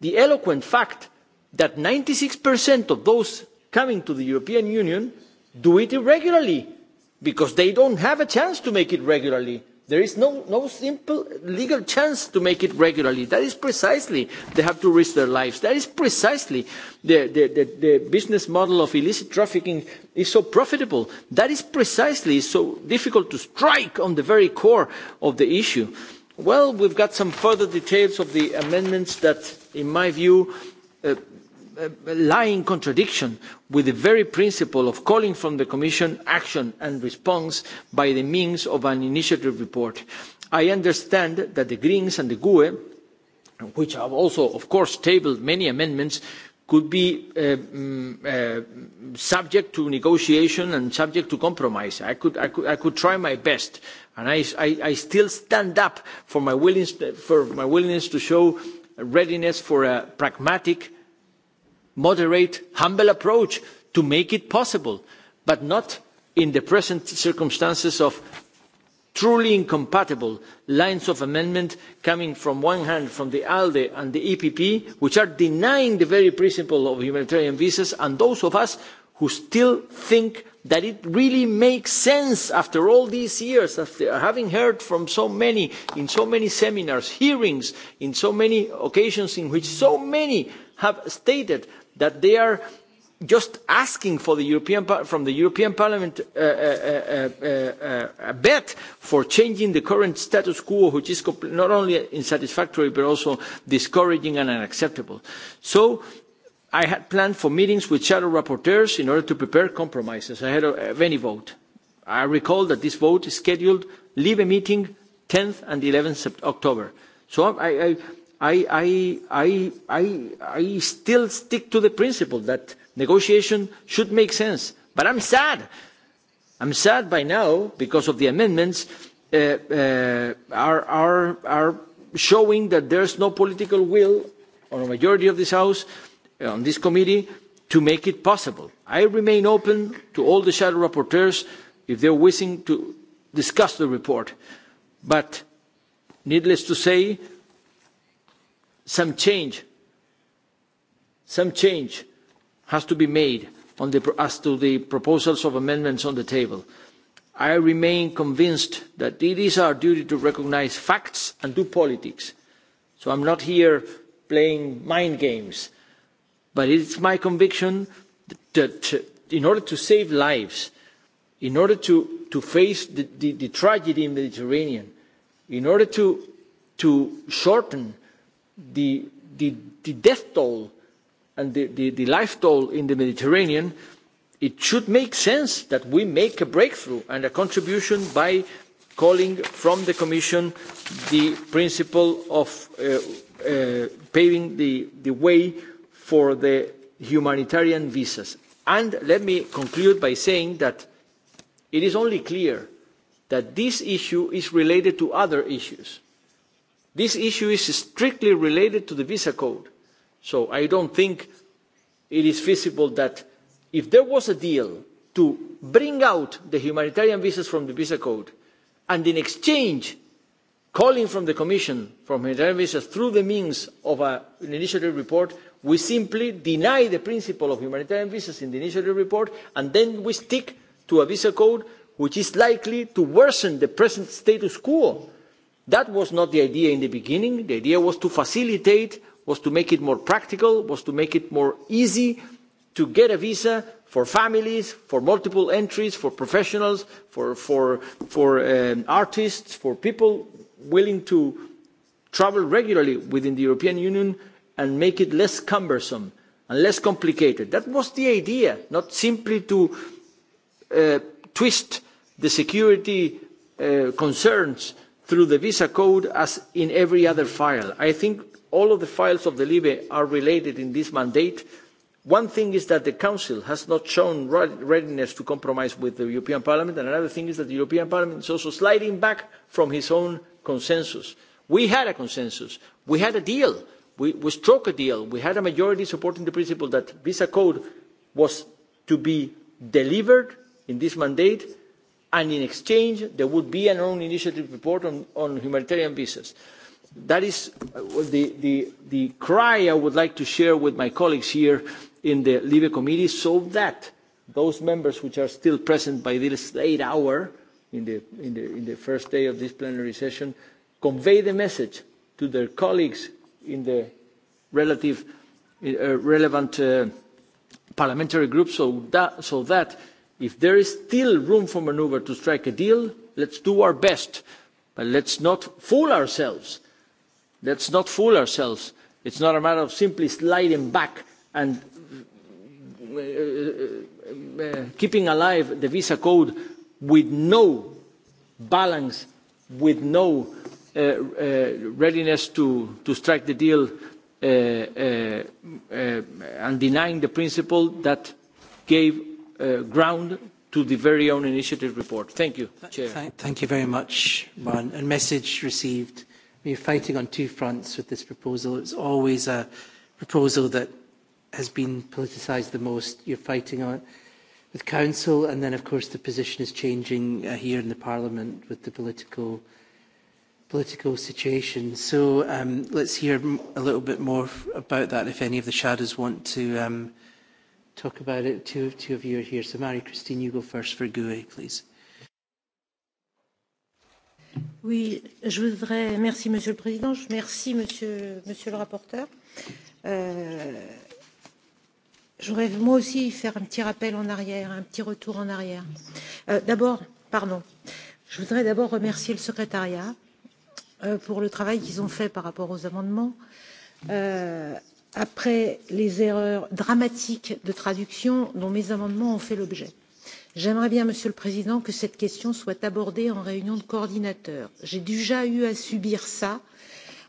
the eloquent fact that 96% of those coming to the European Union do it irregularly because they don't have a chance to make it regularly. There is no, no simple legal chance to make it regularly. That is precisely, they have to risk their lives. That is precisely the, the, business model of illicit trafficking is so profitable. That is precisely so difficult to strike on the very core of the issue. Well, we've got some further details of the amendments that, in my view, lie in contradiction with the very principle of calling from the Commission action and response by the means of an initiative report. I understand that the Greens and the GUE, which have also, of course, tabled many amendments, could be subject to negotiation and subject to compromise. I could try my best, and I still stand up for my willingness to show readiness for a pragmatic moderate, humble approach to make it possible, but not in the present circumstances of truly incompatible lines of amendment coming from one hand from the ALDE and the EPP, which are denying the very principle of humanitarian visas, and those of us who still think that it really makes sense after all these years, after having heard from so many, in so many seminars, hearings, in so many occasions in which so many have stated that they are just asking for the European from the European Parliament a bet for changing the current status quo, which is not only unsatisfactory but also discouraging and unacceptable. So I had planned for meetings with shadow rapporteurs in order to prepare compromises ahead of any vote. I recall that this vote is scheduled leave a meeting 10th and 11th October. So I I still stick to the principle that negotiation should make sense. But I'm sad. I'm sad by now because of the amendments are showing that there's no political will on a majority of this House, on this committee, to make it possible. I remain open to all the shadow rapporteurs if they're wishing to discuss the report. But needless to say, some change some change has to be made on the as to the proposals of amendments on the table i remain convinced that it is our duty to recognise facts and do politics so i'm not here playing mind games but it's my conviction that in order to save lives in order to to face the tragedy in the mediterranean in order to to shorten the death toll and the life toll in the Mediterranean, it should make sense that we make a breakthrough and a contribution by calling from the Commission the principle of paving the way for the humanitarian visas. And let me conclude by saying that it is only clear that this issue is related to other issues This issue is strictly related to the visa code. So I don't think it is feasible that if there was a deal to bring out the humanitarian visas from the visa code and in exchange calling from the Commission for humanitarian visas through the means of an initiative report, we simply deny the principle of humanitarian visas in the initiative report and then we stick to a visa code which is likely to worsen the present status quo That was not the idea in the beginning. The idea was to facilitate, was to make it more practical, was to make it more easy to get a visa for families, for multiple entries, for professionals, for, for, for artists, for people willing to travel regularly within the European Union and make it less cumbersome and less complicated. That was the idea, not simply to twist the security concerns through the visa code as in every other file. I think all of the files of the LIBE are related in this mandate. One thing is that the Council has not shown readiness to compromise with the European Parliament, and another thing is that the European Parliament is also sliding back from his own consensus. We had a consensus. We had a deal. We struck a deal. We had a majority supporting the principle that visa code was to be delivered in this mandate and in exchange there would be an own initiative report on humanitarian visas. That is the cry I would like to share with my colleagues here in the LIBE Committee so that those members which are still present by this late hour in the first day of this plenary session convey the message to their colleagues in the relative relevant parliamentary groups so that If there is still room for manoeuvre to strike a deal, let's do our best, but let's not fool ourselves. Let's not fool ourselves. It's not a matter of simply sliding back and keeping alive the visa code with no balance, with no readiness to to strike the deal and denying the principle that gave ground to the very own initiative report. Thank you, Chair. Thank you very much, Juan. And message received. We're fighting on two fronts with this proposal. It's always a proposal that has been politicised the most. You're fighting on with Council, and then, of course, the position is changing here in the Parliament with the political political situation. So um, let's hear a little bit more about that if any of the shadows want to um, talk about it. Two, two of you are here. So, Marie Christine, you go first for GUE, please. Oui, je voudrais. Merci, Monsieur le Président. Merci, Monsieur, monsieur le rapporteur. Euh, je voudrais moi aussi faire un petit rappel en arrière, un petit retour en arrière. Euh, d'abord, pardon, je voudrais d'abord remercier le secrétariat euh, pour le travail qu'ils ont fait par rapport aux amendements. Euh, après les erreurs dramatiques de traduction dont mes amendements ont fait l'objet. J'aimerais bien, Monsieur le Président, que cette question soit abordée en réunion de coordinateurs. J'ai déjà eu à subir cela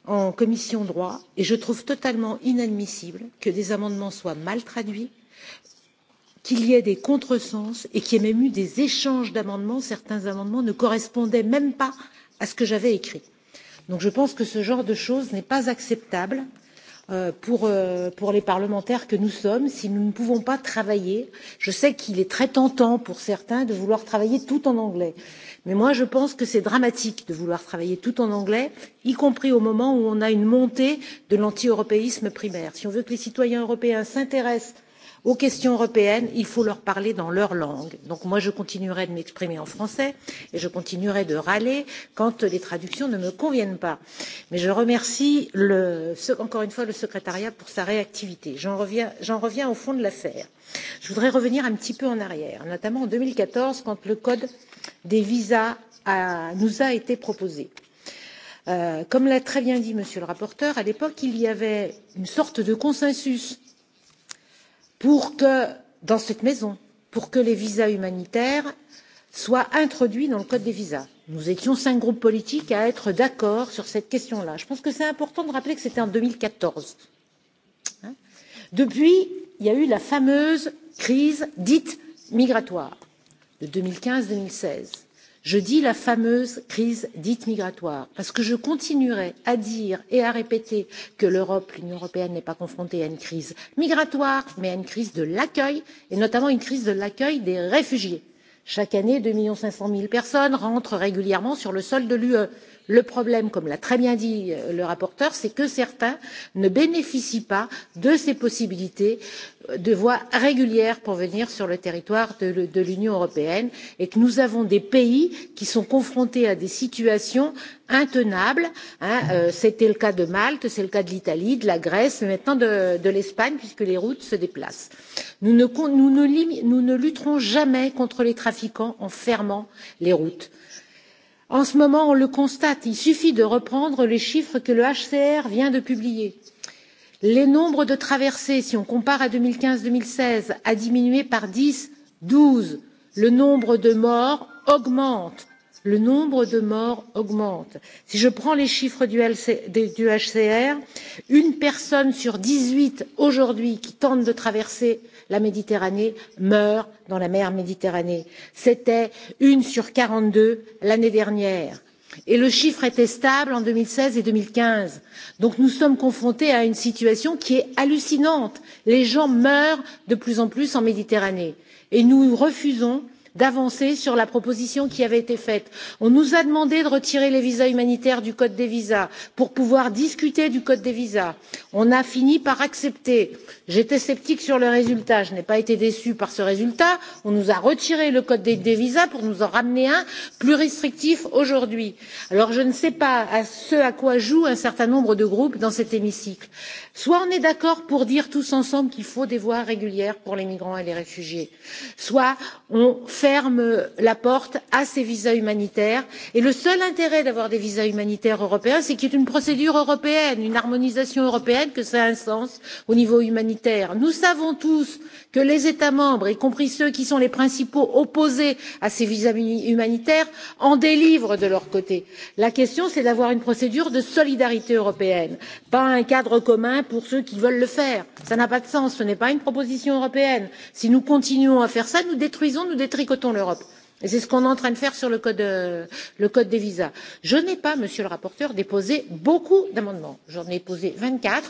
en commission droit et je trouve totalement inadmissible que des amendements soient mal traduits, qu'il y ait des contresens et qu'il y ait même eu des échanges d'amendements. Certains amendements ne correspondaient même pas à ce que j'avais écrit. Donc je pense que ce genre de choses n'est pas acceptable pour les parlementaires que nous sommes si nous ne pouvons pas travailler. Je sais qu'il est très tentant pour certains de vouloir travailler tout en anglais. Mais moi, je pense que c'est dramatique de vouloir travailler tout en anglais, y compris au moment où on a une montée de l'anti-européisme primaire. Si on veut que les citoyens européens s'intéressent Aux questions européennes, il faut leur parler dans leur langue. Donc moi, je continuerai de m'exprimer en français et je continuerai de râler quand les traductions ne me conviennent pas. Mais je remercie encore une fois le secrétariat pour sa réactivité. J'en reviens au fond de l'affaire. Je voudrais revenir un petit peu en arrière, notamment en 2014, quand le code des visas nous a été proposé. Comme l'a très bien dit Monsieur le rapporteur, à l'époque, il y avait une sorte de consensus pour que, dans cette maison, pour que les visas humanitaires soient introduits dans le code des visas. Nous étions cinq groupes politiques à être d'accord sur cette question-là. Je pense que c'est important de rappeler que c'était en 2014. Depuis, il y a eu la fameuse crise dite migratoire de 2015-2016 je dis la fameuse crise dite migratoire parce que je continuerai à dire et à répéter que l'europe l'union européenne n'est pas confrontée à une crise migratoire mais à une crise de l'accueil et notamment une crise de l'accueil des réfugiés. Chaque année, 2,5 millions de personnes rentrent régulièrement sur le sol de l'UE. Le problème, comme l'a très bien dit le rapporteur, c'est que certains ne bénéficient pas de ces possibilités de voies régulières pour venir sur le territoire de l'Union européenne et que nous avons des pays qui sont confrontés à des situations intenables. C'était le cas de Malte, c'est le cas de l'Italie, de la Grèce, mais maintenant de l'Espagne, puisque les routes se déplacent. Nous ne lutterons jamais contre les trafiquants en fermant les routes. En ce moment, on le constate, il suffit de reprendre les chiffres que le HCR vient de publier. Les nombres de traversées, si on compare à 2015-2016, a diminué par 10, 12. Le nombre de morts augmente. Le nombre de morts augmente. Si je prends les chiffres du HCR, une personne sur dix huit aujourd'hui qui tente de traverser la Méditerranée meurt dans la mer Méditerranée. C'était une sur quarante deux l'année dernière. Et le chiffre était stable en deux mille seize et deux mille quinze, Donc nous sommes confrontés à une situation qui est hallucinante. Les gens meurent de plus en plus en Méditerranée. Et nous refusons d'avancer sur la proposition qui avait été faite. On nous a demandé de retirer les visas humanitaires du code des visas pour pouvoir discuter du code des visas. On a fini par accepter. J'étais sceptique sur le résultat. Je n'ai pas été déçue par ce résultat. On nous a retiré le code des visas pour nous en ramener un plus restrictif aujourd'hui. Alors je ne sais pas à ce à quoi jouent un certain nombre de groupes dans cet hémicycle. Soit on est d'accord pour dire tous ensemble qu'il faut des voies régulières pour les migrants et les réfugiés, soit on ferme la porte à ces visas humanitaires et le seul intérêt d'avoir des visas humanitaires européens c'est qu'il y ait une procédure européenne une harmonisation européenne que cela ait un sens au niveau humanitaire. nous savons tous que les états membres y compris ceux qui sont les principaux opposés à ces visas humanitaires en délivrent de leur côté. la question c'est d'avoir une procédure de solidarité européenne pas un cadre commun pour ceux qui veulent le faire. Ça n'a pas de sens ce n'est pas une proposition européenne. si nous continuons à faire ça, nous détruisons nous boycottons l'Europe. et C'est ce qu'on est en train de faire sur le code des visas. Je n'ai pas, monsieur le rapporteur, déposé beaucoup d'amendements. J'en ai posé 24.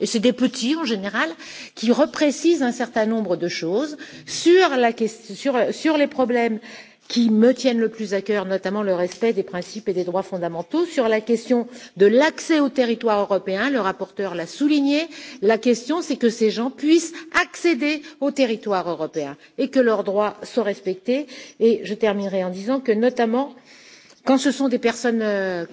Et c'est des petits, en général, qui reprécisent un certain nombre de choses sur les problèmes qui me tiennent le plus à cœur, notamment le respect des principes et des droits fondamentaux. Sur la question de l'accès au territoire européen, le rapporteur l'a souligné, la question c'est que ces gens puissent accéder au territoire européen et que leurs droits soient respectés. Et je terminerai en disant que, notamment, Quand ce sont des personnes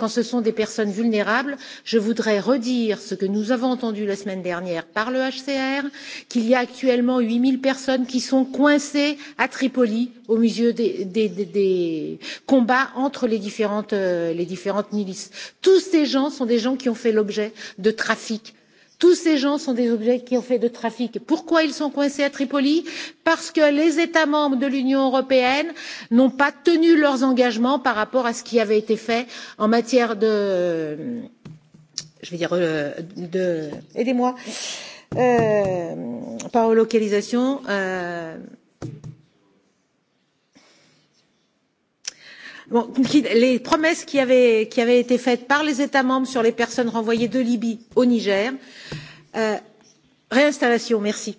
vulnérables, je voudrais redire ce que nous avons entendu la semaine dernière par le HCR, qu'il y a actuellement 8000 personnes qui sont coincées à Tripoli au milieu des combats entre les différentes milices. Tous ces gens sont des gens qui ont fait l'objet de trafic. Tous ces gens sont des objets qui ont fait de trafic. Pourquoi ils sont coincés à Tripoli Parce que les États membres de l'Union européenne n'ont pas tenu leurs engagements par rapport à ce qui avait été fait en matière de... Je vais dire... de Aidez-moi. Par relocalisation les promesses qui avaient été faites par les États membres sur les personnes renvoyées de Libye au Niger. Réinstallation, merci.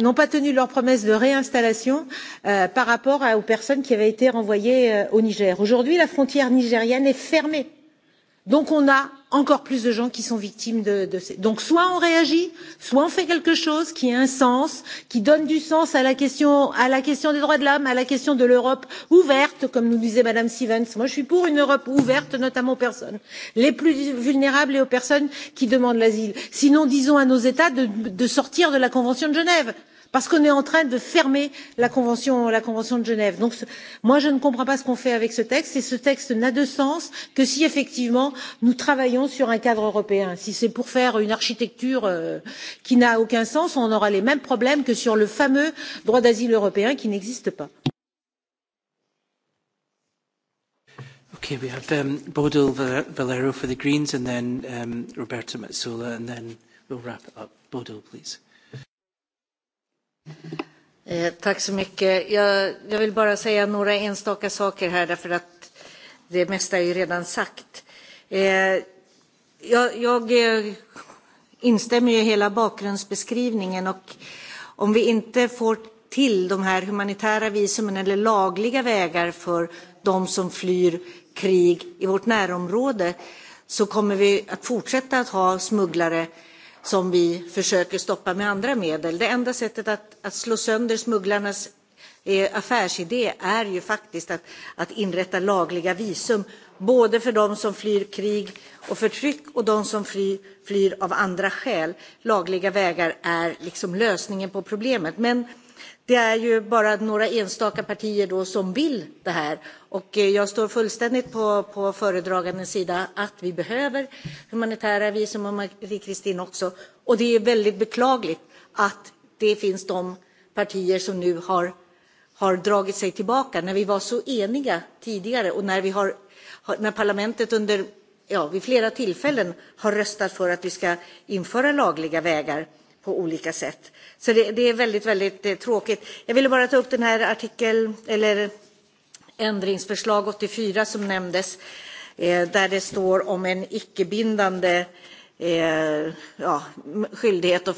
N'ont pas tenu leur promesse de réinstallation par rapport aux personnes qui avaient été renvoyées au Niger. Aujourd'hui, la frontière nigérienne est fermée donc on a encore plus de gens qui sont victimes de ces donc soit on réagit soit on fait quelque chose qui a un sens qui donne du sens à la question à la question des droits de l'homme à la question de l'europe ouverte comme nous disait madame stevens moi je suis pour une europe ouverte notamment aux personnes les plus vulnérables et aux personnes qui demandent l'asile sinon disons à nos états de, de sortir de la convention de genève parce qu'on est en train de fermer la convention de genève. donc moi je ne comprends pas ce qu'on fait avec ce texte et ce texte n'a de sens que si effectivement nous travaillons sur un cadre européen. si c'est pour faire une architecture qui n'a aucun sens on aura les mêmes problèmes que sur le fameux droit d'asile européen qui n'existe pas. Okay, we have um, Valero for the Greens and then Mazzola and then we'll wrap up. please. Tack så mycket. Jag vill bara säga några enstaka saker här därför att det mesta är ju redan sagt. Jag instämmer i hela bakgrundsbeskrivningen och om vi inte får till de här humanitära visumen eller lagliga vägar för de som flyr krig i vårt närområde så kommer vi att fortsätta att ha smugglare som vi försöker stoppa med andra medel. Det enda sättet att slå sönder smugglarnas affärsidé är ju faktiskt att inrätta lagliga visum både för de som flyr krig och förtryck och de som flyr av andra skäl. Lagliga vägar är liksom lösningen på problemet. Det är ju bara några enstaka partier då som vill det här och jag står fullständigt på föredragandens sida att vi behöver humanitära visum och marie Kristin också. Och det är väldigt beklagligt att det finns de partier som nu har dragit sig tillbaka när vi var så eniga tidigare och när parlamentet under vid flera tillfällen har röstat för att vi ska införa lagliga vägar på olika sätt. Så det är väldigt, väldigt tråkigt. Jag ville bara ta upp den här artikeln eller ändringsförslag 84 som nämndes där det står om en icke-bindande skyldighet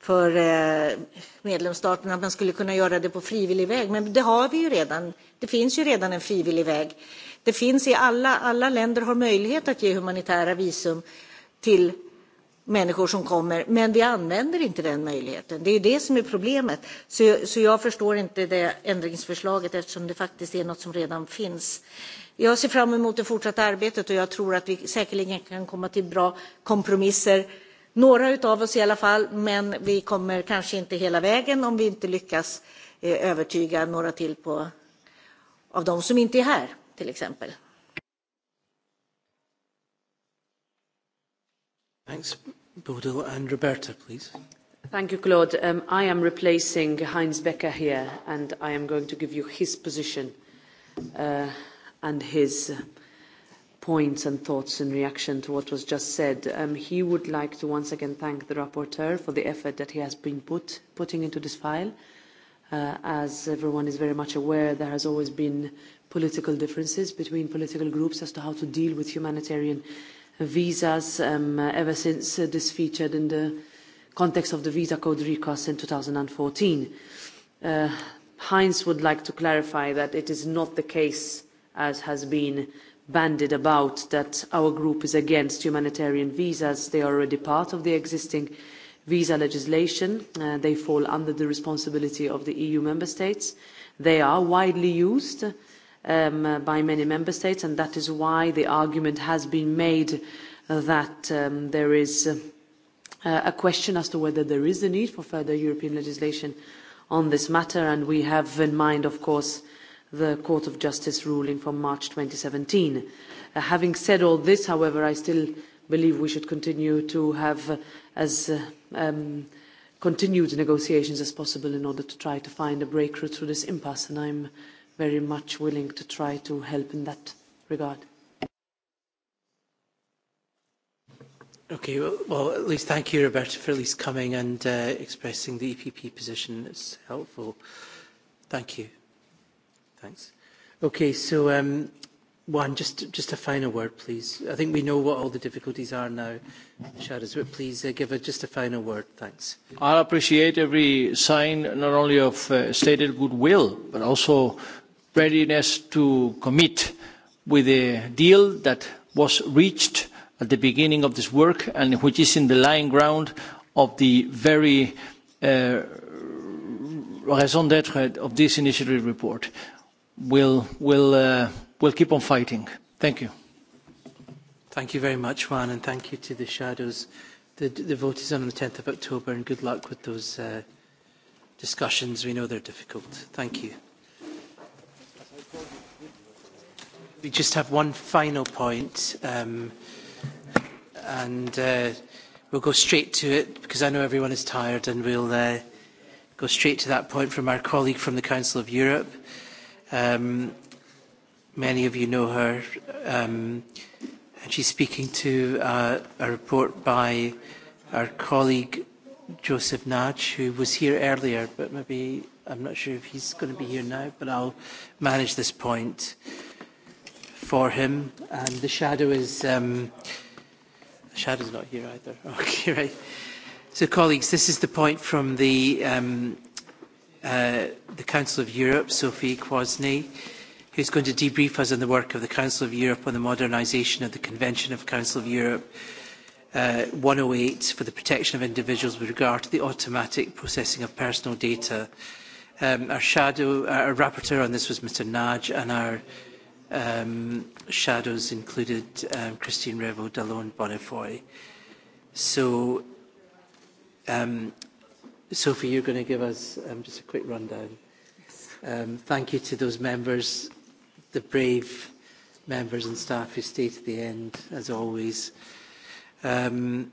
för medlemsstaterna att man skulle kunna göra det på frivillig väg. Men det har vi ju redan. Det finns ju redan en frivillig väg. Det finns i alla länder har möjlighet att ge humanitära visum till människor som kommer, men vi använder inte den möjligheten. Det är det som är problemet. Så, så jag förstår inte det ändringsförslaget eftersom det faktiskt är något som redan finns. Jag ser fram emot det fortsatta arbetet och jag tror att vi säkerligen kan komma till bra kompromisser. Några av oss i alla fall, men vi kommer kanske inte hela vägen om vi inte lyckas övertyga några till på, av de som inte är här till exempel. Thanks, Bodil and Roberta, please. Thank you, Claude. I am replacing Heinz Becker here, and I am going to give you his position and his points and thoughts in reaction to what was just said. he would like to once again thank the rapporteur for the effort that he has been put, putting into this file. as everyone is very much aware, there has always been political differences between political groups as to how to deal with humanitarian visas ever since this featured in the context of the visa code recast in 2014. Heinz would like to clarify that it is not the case, as has been banded about, that our group is against humanitarian visas. They are already part of the existing visa legislation. They fall under the responsibility of the EU member states. They are widely used by many member states and that is why the argument has been made that there is a question as to whether there is a need for further European legislation on this matter and we have in mind of course the Court of Justice ruling from March 2017. Having said all this however I still believe we should continue to have as continued negotiations as possible in order to try to find a breakthrough through this impasse and I'm very much willing to try to help in that regard. Okay, well, at least thank you, Roberta, for at least coming and expressing the EPP position. It's helpful. Thank you. Thanks. Okay, so um, Juan, just, just a final word, please. I think we know what all the difficulties are now, Shadows, but please give a, just a final word. Thanks. I appreciate every sign, not only of stated goodwill, but also readiness to commit with the deal that was reached at the beginning of this work and which is in the lying ground of the very raison d'etre of this initiative report. We'll keep on fighting. Thank you. Thank you very much, Juan, and thank you to the shadows. The vote is on the 10th of October, and good luck with those discussions. We know they're difficult. Thank you. We just have one final point, um, and we'll go straight to it because I know everyone is tired, and we'll go straight to that point from our colleague from the Council of Europe. Um, many of you know her, um, and she's speaking to uh, a report by our colleague Joseph Naj, who was here earlier, but maybe I'm not sure if he's going to be here now, but I'll manage this point for him. And the shadow is um, the is not here either. Okay, right. So, colleagues, this is the point from the um, uh, the Council of Europe, Sophie Kwasny, who's going to debrief us on the work of the Council of Europe on the modernisation of the Convention of Council of Europe. Uh, 108 for the protection of individuals with regard to the automatic processing of personal data. Um, our shadow, our rapporteur on this was Mr. Naj, and our Um, shadows included Christine Revo, Dallon Bonifoy. So, um, Sophie, you're going to give us um, just a quick rundown. Um, thank you to those members, the brave members and staff who stay to the end, as always. Um,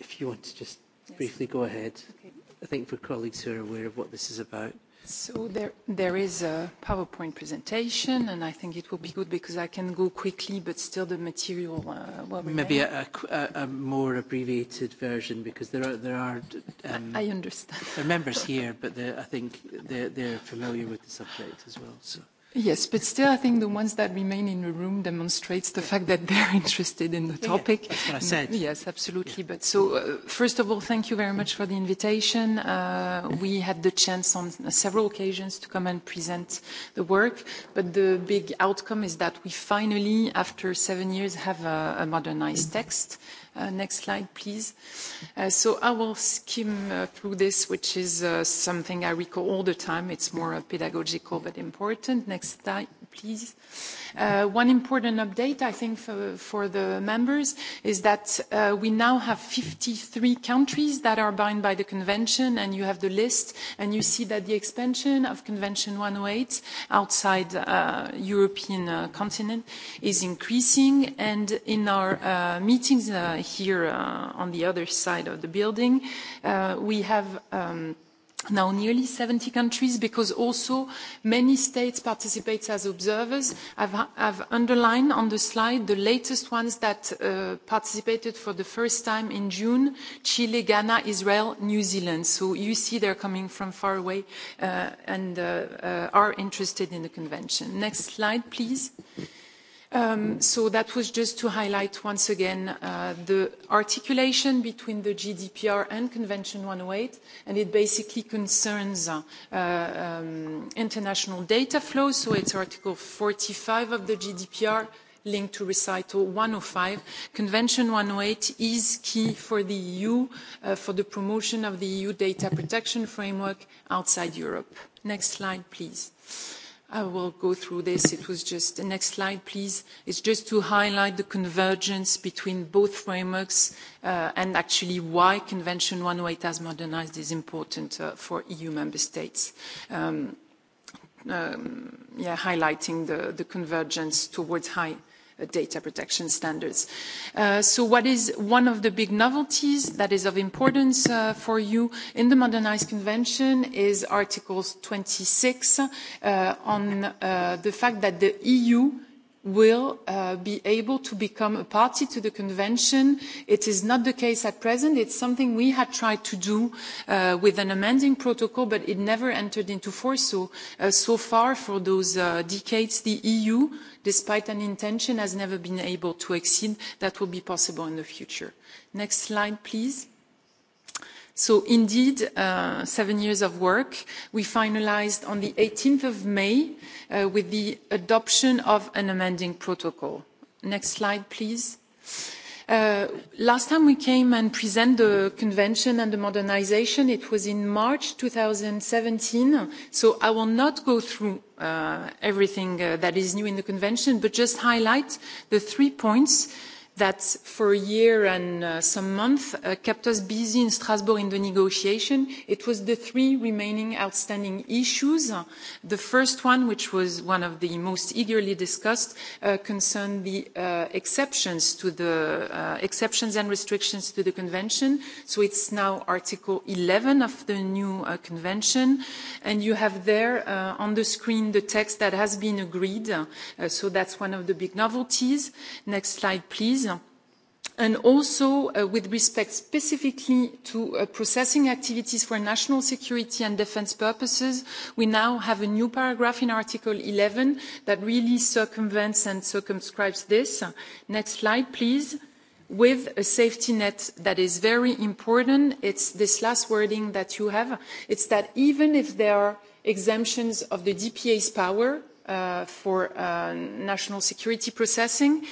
if you want to just briefly go ahead, I think for colleagues who are aware of what this is about. So there, there is a PowerPoint presentation, and I think it will be good because I can go quickly, but still the material will remain. Maybe a, a, more abbreviated version because there are there are. I understand. There members here, but I think they're, they're familiar with the subject as well. So. Yes, but still I think the ones that remain in the room demonstrates the fact that they're interested in the topic. That's what I said. Yes, absolutely. But so, first of all, thank you very much for the invitation. We had the chance on several occasions to come and present the work, but the big outcome is that we finally, after seven years, have a modernized text Next slide, please. So I will skim through this, which is something I recall all the time. It's more pedagogical but important. Next slide, please. One important update, I think, for the members is that we now have 53 countries that are bound by the Convention, and you have the list, and you see that the expansion of Convention 108 outside European continent is increasing, and in our meetings here on the other side of the building, we have now nearly 70 countries because also many states participate as observers. I've underlined on the slide the latest ones that participated for the first time in June, Chile, Ghana, Israel, New Zealand. So you see they're coming from far away and are interested in the convention. Next slide, please. So that was just to highlight once again the articulation between the GDPR and Convention 108, and it basically concerns international data flow, So it's Article 45 of the GDPR linked to recital 105. Convention 108 is key for the EU for the promotion of the EU data protection framework outside Europe. Next slide, please. I will go through this. It was just the next slide, please. It's just to highlight the convergence between both frameworks and actually why Convention 108 as modernized is important for EU member states. Yeah, highlighting the convergence towards high data protection standards. So what is one of the big novelties that is of importance for you in the modernized convention is Article 26 on the fact that the EU will be able to become a party to the convention. It is not the case at present. It's something we had tried to do with an amending protocol, but it never entered into force. So, so far for those decades, the EU, despite an intention, has never been able to exceed. That will be possible in the future. Next slide, please. So indeed, seven years of work. We finalized on the 18th of May with the adoption of an amending protocol. Next slide, please. Last time we came and present the convention and the modernization, it was in March 2017. So I will not go through everything that is new in the convention, but just highlight the three points that for a year and some months kept us busy in Strasbourg in the negotiation. It was the three remaining outstanding issues. The first one, which was one of the most eagerly discussed, concerned the exceptions to the exceptions and restrictions to the Convention. So it's now Article 11 of the new Convention, and you have there on the screen the text that has been agreed. So that's one of the big novelties. Next slide, please and also with respect specifically to processing activities for national security and defence purposes we now have a new paragraph in article 11 that really circumvents and circumscribes this next slide please with a safety net that is very important it's this last wording that you have it's that even if there are exemptions of the dpa's power for national security processing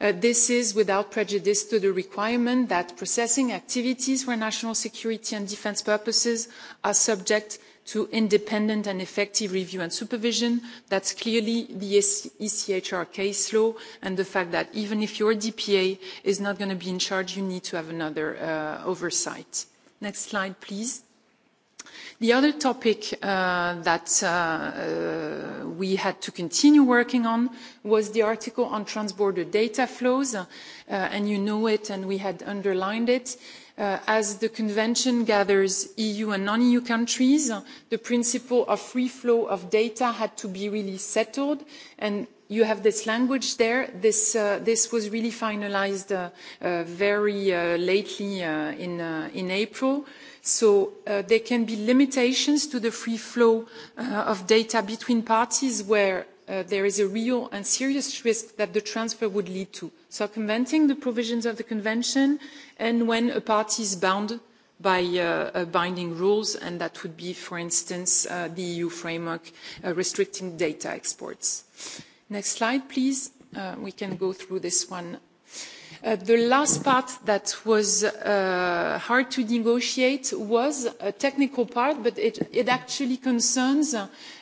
This is without prejudice to the requirement that processing activities for national security and defence purposes are subject to independent and effective review and supervision. That's clearly the ECHR case law and the fact that even if your DPA is not going to be in charge, you need to have another oversight. Next slide, please. The other topic that we had to continue working on was the article on transborder data flows, and you know it, and we had underlined it. As the Convention gathers EU and non-EU countries, the principle of free flow of data had to be really settled, and you have this language there. This was really finalized very lately in April. So there can be limitations to the free flow of data between parties where there is a real and serious risk that the transfer would lead to circumventing the provisions of the Convention and when a party is bound by binding rules, and that would be, for instance, the EU framework restricting data exports. Next slide, please. We can go through this one The last part that was hard to negotiate was a technical part, but it actually concerns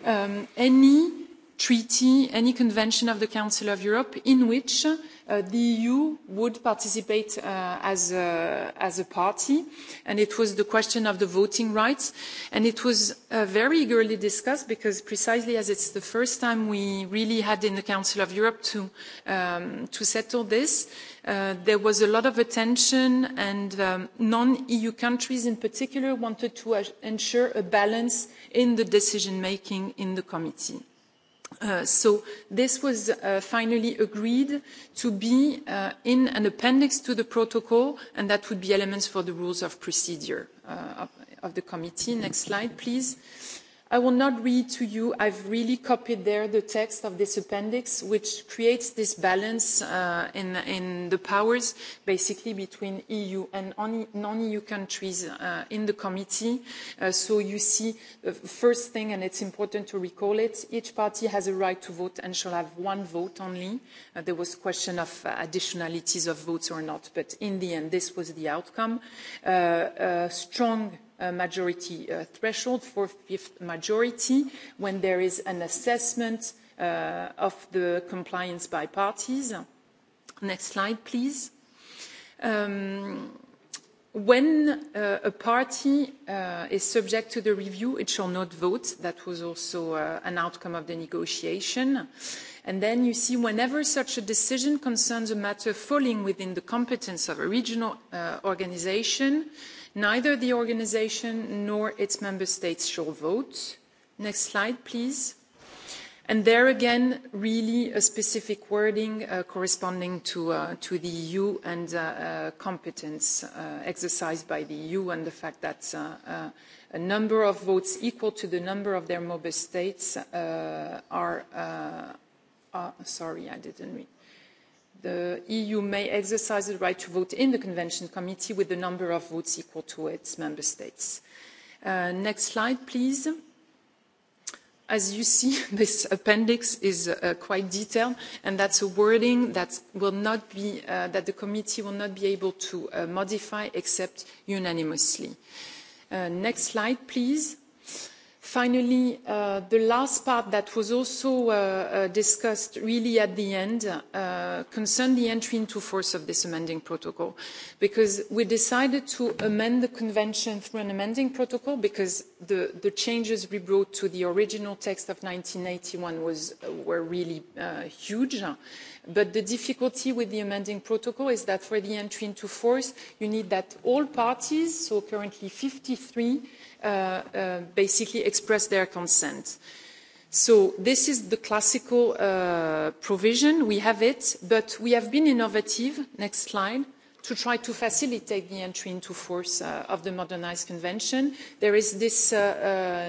any treaty, any convention of the Council of Europe in which the EU would participate as a party, and it was the question of the voting rights. And it was very eagerly discussed because precisely as it's the first time we really had in the Council of Europe to settle this, there was a lot of attention, and non-EU countries in particular wanted to ensure a balance in the decision-making in the committee. So this was finally agreed to be in an appendix to the protocol, and that would be elements for the rules of procedure of the committee. Next slide, please. I will not read to you. I've really copied there the text of this appendix, which creates this balance in the powers, basically between EU and non-EU countries in the committee. So you see, the first thing, and it's important to recall it, each party has a right to vote and shall have one vote only. There was a question of additionalities of votes or not, but in the end, this was the outcome. Strong majority threshold, four-fifth majority, when there is an assessment of the compliance by parties. Next slide, please. When a party is subject to the review, it shall not vote. That was also an outcome of the negotiation. And then you see whenever such a decision concerns a matter falling within the competence of a regional organization, Neither the organization nor its member states shall vote. Next slide, please. And there again, really a specific wording corresponding to to the EU and competence exercised by the EU and the fact that a number of votes equal to the number of their member states are. Sorry, I didn't read the EU may exercise the right to vote in the Convention Committee with the number of votes equal to its member states. Next slide, please. As you see, this appendix is quite detailed, and that's a wording that will not be that the committee will not be able to modify except unanimously. Next slide, please. Finally, the last part that was also discussed really at the end concerned the entry into force of this amending protocol, because we decided to amend the Convention through an amending protocol because the changes we brought to the original text of 1981 were really huge but the difficulty with the amending protocol is that for the entry into force you need that all parties so currently fifty three basically express their consent. So this is the classical provision. We have it, but we have been innovative. Next slide to try to facilitate the entry into force of the modernised convention. There is this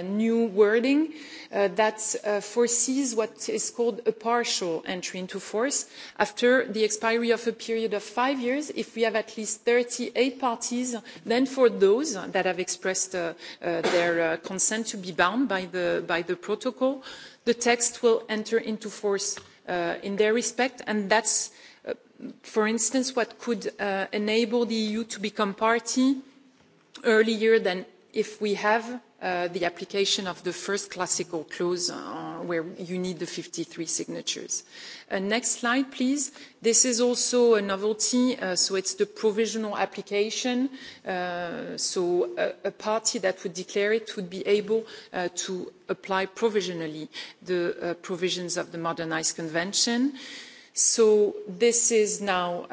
new wording that foresees what is called a partial entry into force after the expiry of a period of five years. If we have at least 38 parties, then for those that have expressed their consent to be bound by the protocol, the text will enter into force in their respect, and that's for instance, what could enable the EU to become party earlier than if we have the application of the first classical clause where you need the 53 signatures. Next slide, please. This is also a novelty, so it's the provisional application. So a party that would declare it would be able to apply provisionally the provisions of the modernised convention. So this is now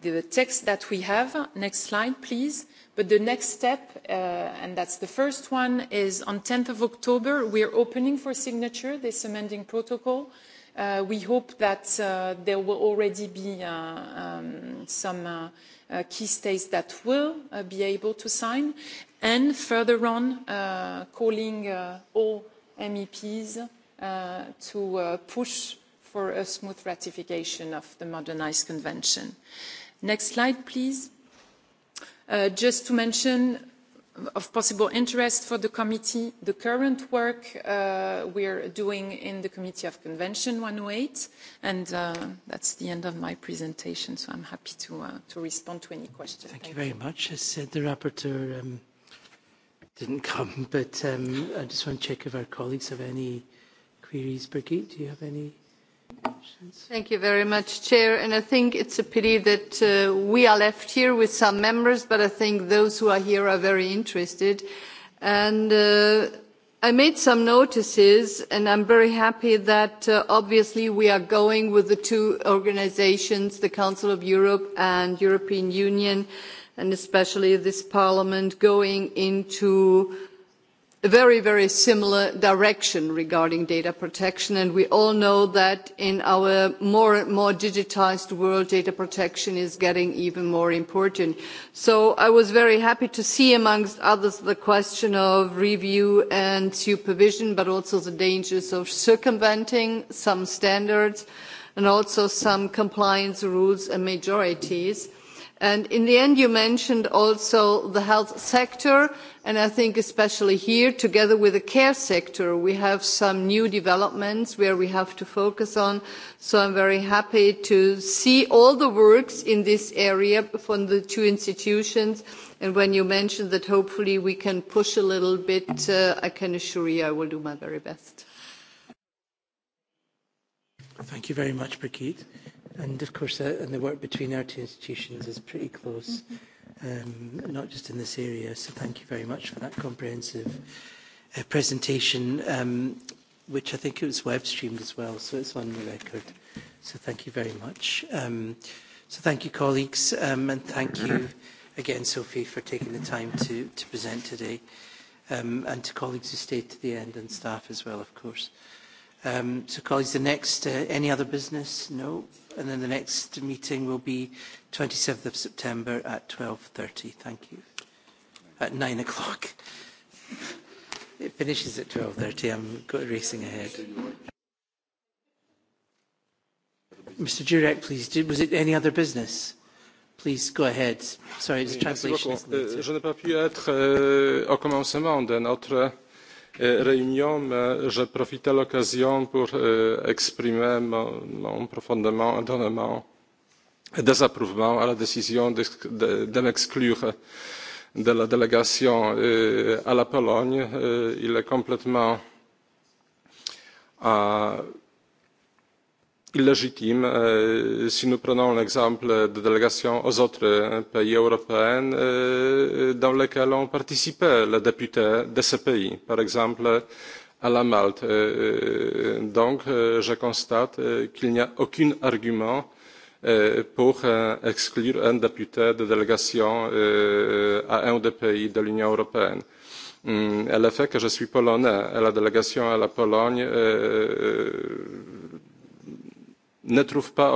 the text that we have. Next slide, please. But the next step, and that's the first one, is on 10th of October, we are opening for signature this amending protocol. We hope that there will already be some key states that will be able to sign. And further on, calling all MEPs to push for a smooth ratification of the modernised convention. Next slide, please. Just to mention of possible interest for the committee, the current work we are doing in the Committee of Convention 108, and that's the end of my presentation, so I'm happy to respond to any questions. Thank you very much. As said, the rapporteur didn't come, but I just want to check if our colleagues have any queries. Birgit, do you have any? Thank you very much, Chair. And I think it's a pity that we are left here with some members, but I think those who are here are very interested. And I made some notices, and I'm very happy that obviously we are going with the two organisations, the Council of Europe and European Union, and especially this Parliament, going into a very, very similar direction regarding data protection, and we all know that in our more and more digitised world, data protection is getting even more important. So I was very happy to see, amongst others, the question of review and supervision, but also the dangers of circumventing some standards and also some compliance rules and majorities And in the end, you mentioned also the health sector, and I think especially here, together with the care sector, we have some new developments where we have to focus on. So I'm very happy to see all the works in this area from the two institutions. And when you mentioned that hopefully we can push a little bit, I can assure you I will do my very best. Thank you very much, Brigitte. And of course, uh, and the work between our two institutions is pretty close, um, not just in this area. So thank you very much for that comprehensive uh, presentation, um, which I think it was web streamed as well, so it's on the record. So thank you very much. Um, so thank you, colleagues, um, and thank you again, Sophie, for taking the time to, to present today, um, and to colleagues who stayed to the end and staff as well, of course. Um, so, colleagues, the next, uh, any other business? No and then the next meeting will be 27th of September at 12.30. Thank you. At 9 o'clock. It finishes at 12.30. I'm racing ahead. Mr. Jurek, please, was it any other business? Please go ahead. Sorry, it's translation. Je ne être au commencement réunion, mais je profite de l'occasion pour exprimer mon profondément étonnement et désapprouvement à la décision de m'exclure de la délégation à la Pologne. Il est complètement illégitime. Si nous prenons l'exemple de délégation aux autres pays européens dans lesquels ont participé les députés de ces pays, par exemple à la Malte. Donc, je constate qu'il n'y a aucun argument pour exclure un député de délégation à un des pays de l'Union européenne. Le fait que je suis polonais et la délégation à la Pologne ne trouve pas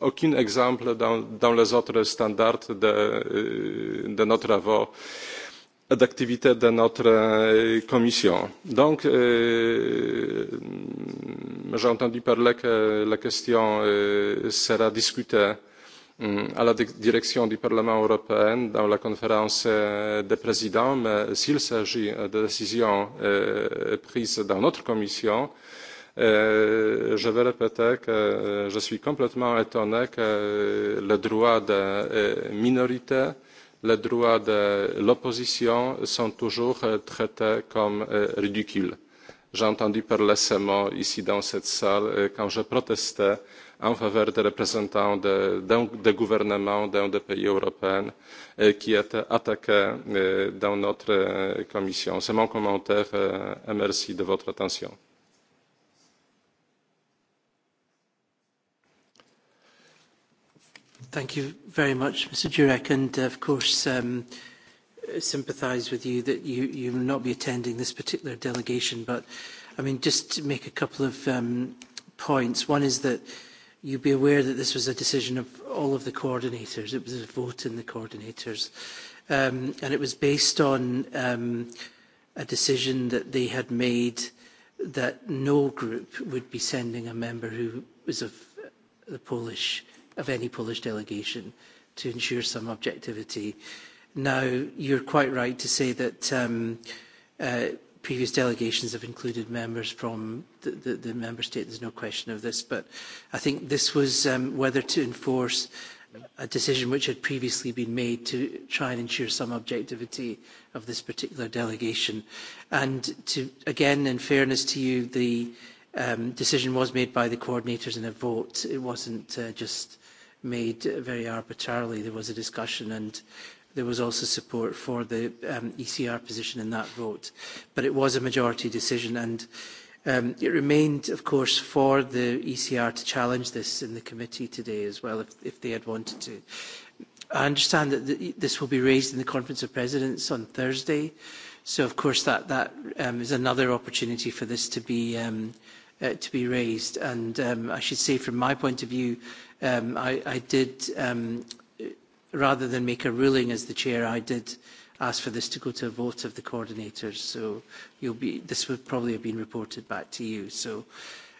aucun exemple dans les autres standards de nos travaux et d'activités de notre commission. Donc, j'ai entendu parler que la question sera discutée à la direction du Parlement européen dans la conférence des présidents, mais s'il s'agit de décisions prises dans notre commission, Je veux répéter que je suis complètement étonné que le droit des minorités, le droit de l'opposition sont toujours traités comme ridicules. J'ai entendu parler ces mots ici dans cette salle quand je protestais en faveur des représentants des gouvernements d'un des pays européens qui étaient attaqués dans notre commission. C'est mon commentaire et merci de votre attention. Thank you very much, Mr. Jurek, and of course um, sympathise with you that you, you will not be attending this particular delegation. But I mean, just to make a couple of um, points. One is that you be aware that this was a decision of all of the coordinators. It was a vote in the coordinators, um, and it was based on um, a decision that they had made that no group would be sending a member who was of the Polish of any Polish delegation to ensure some objectivity. Now, you're quite right to say that previous delegations have included members from the, the, member state. There's no question of this, but I think this was whether to enforce a decision which had previously been made to try and ensure some objectivity of this particular delegation. And to, again, in fairness to you, the decision was made by the coordinators in a vote. It wasn't just made very arbitrarily. There was a discussion and there was also support for the ECR position in that vote. But it was a majority decision and it remained, of course, for the ECR to challenge this in the committee today as well, if they had wanted to. I understand that this will be raised in the Conference of Presidents on Thursday. So, of course, that that is another opportunity for this to be to be raised. And I should say, from my point of view, I did, rather than make a ruling as the chair, I did ask for this to go to a vote of the coordinators. So you'll be, this would probably have been reported back to you. So,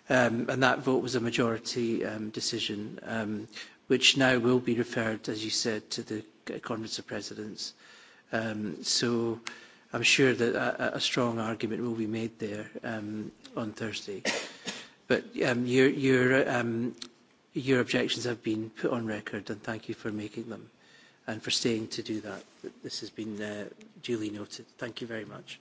and that vote was a majority decision, which now will be referred, as you said, to the Conference of Presidents. So I'm sure that a strong argument will be made there on Thursday. But your Your objections have been put on record, and thank you for making them and for staying to do that. This has been duly noted. Thank you very much.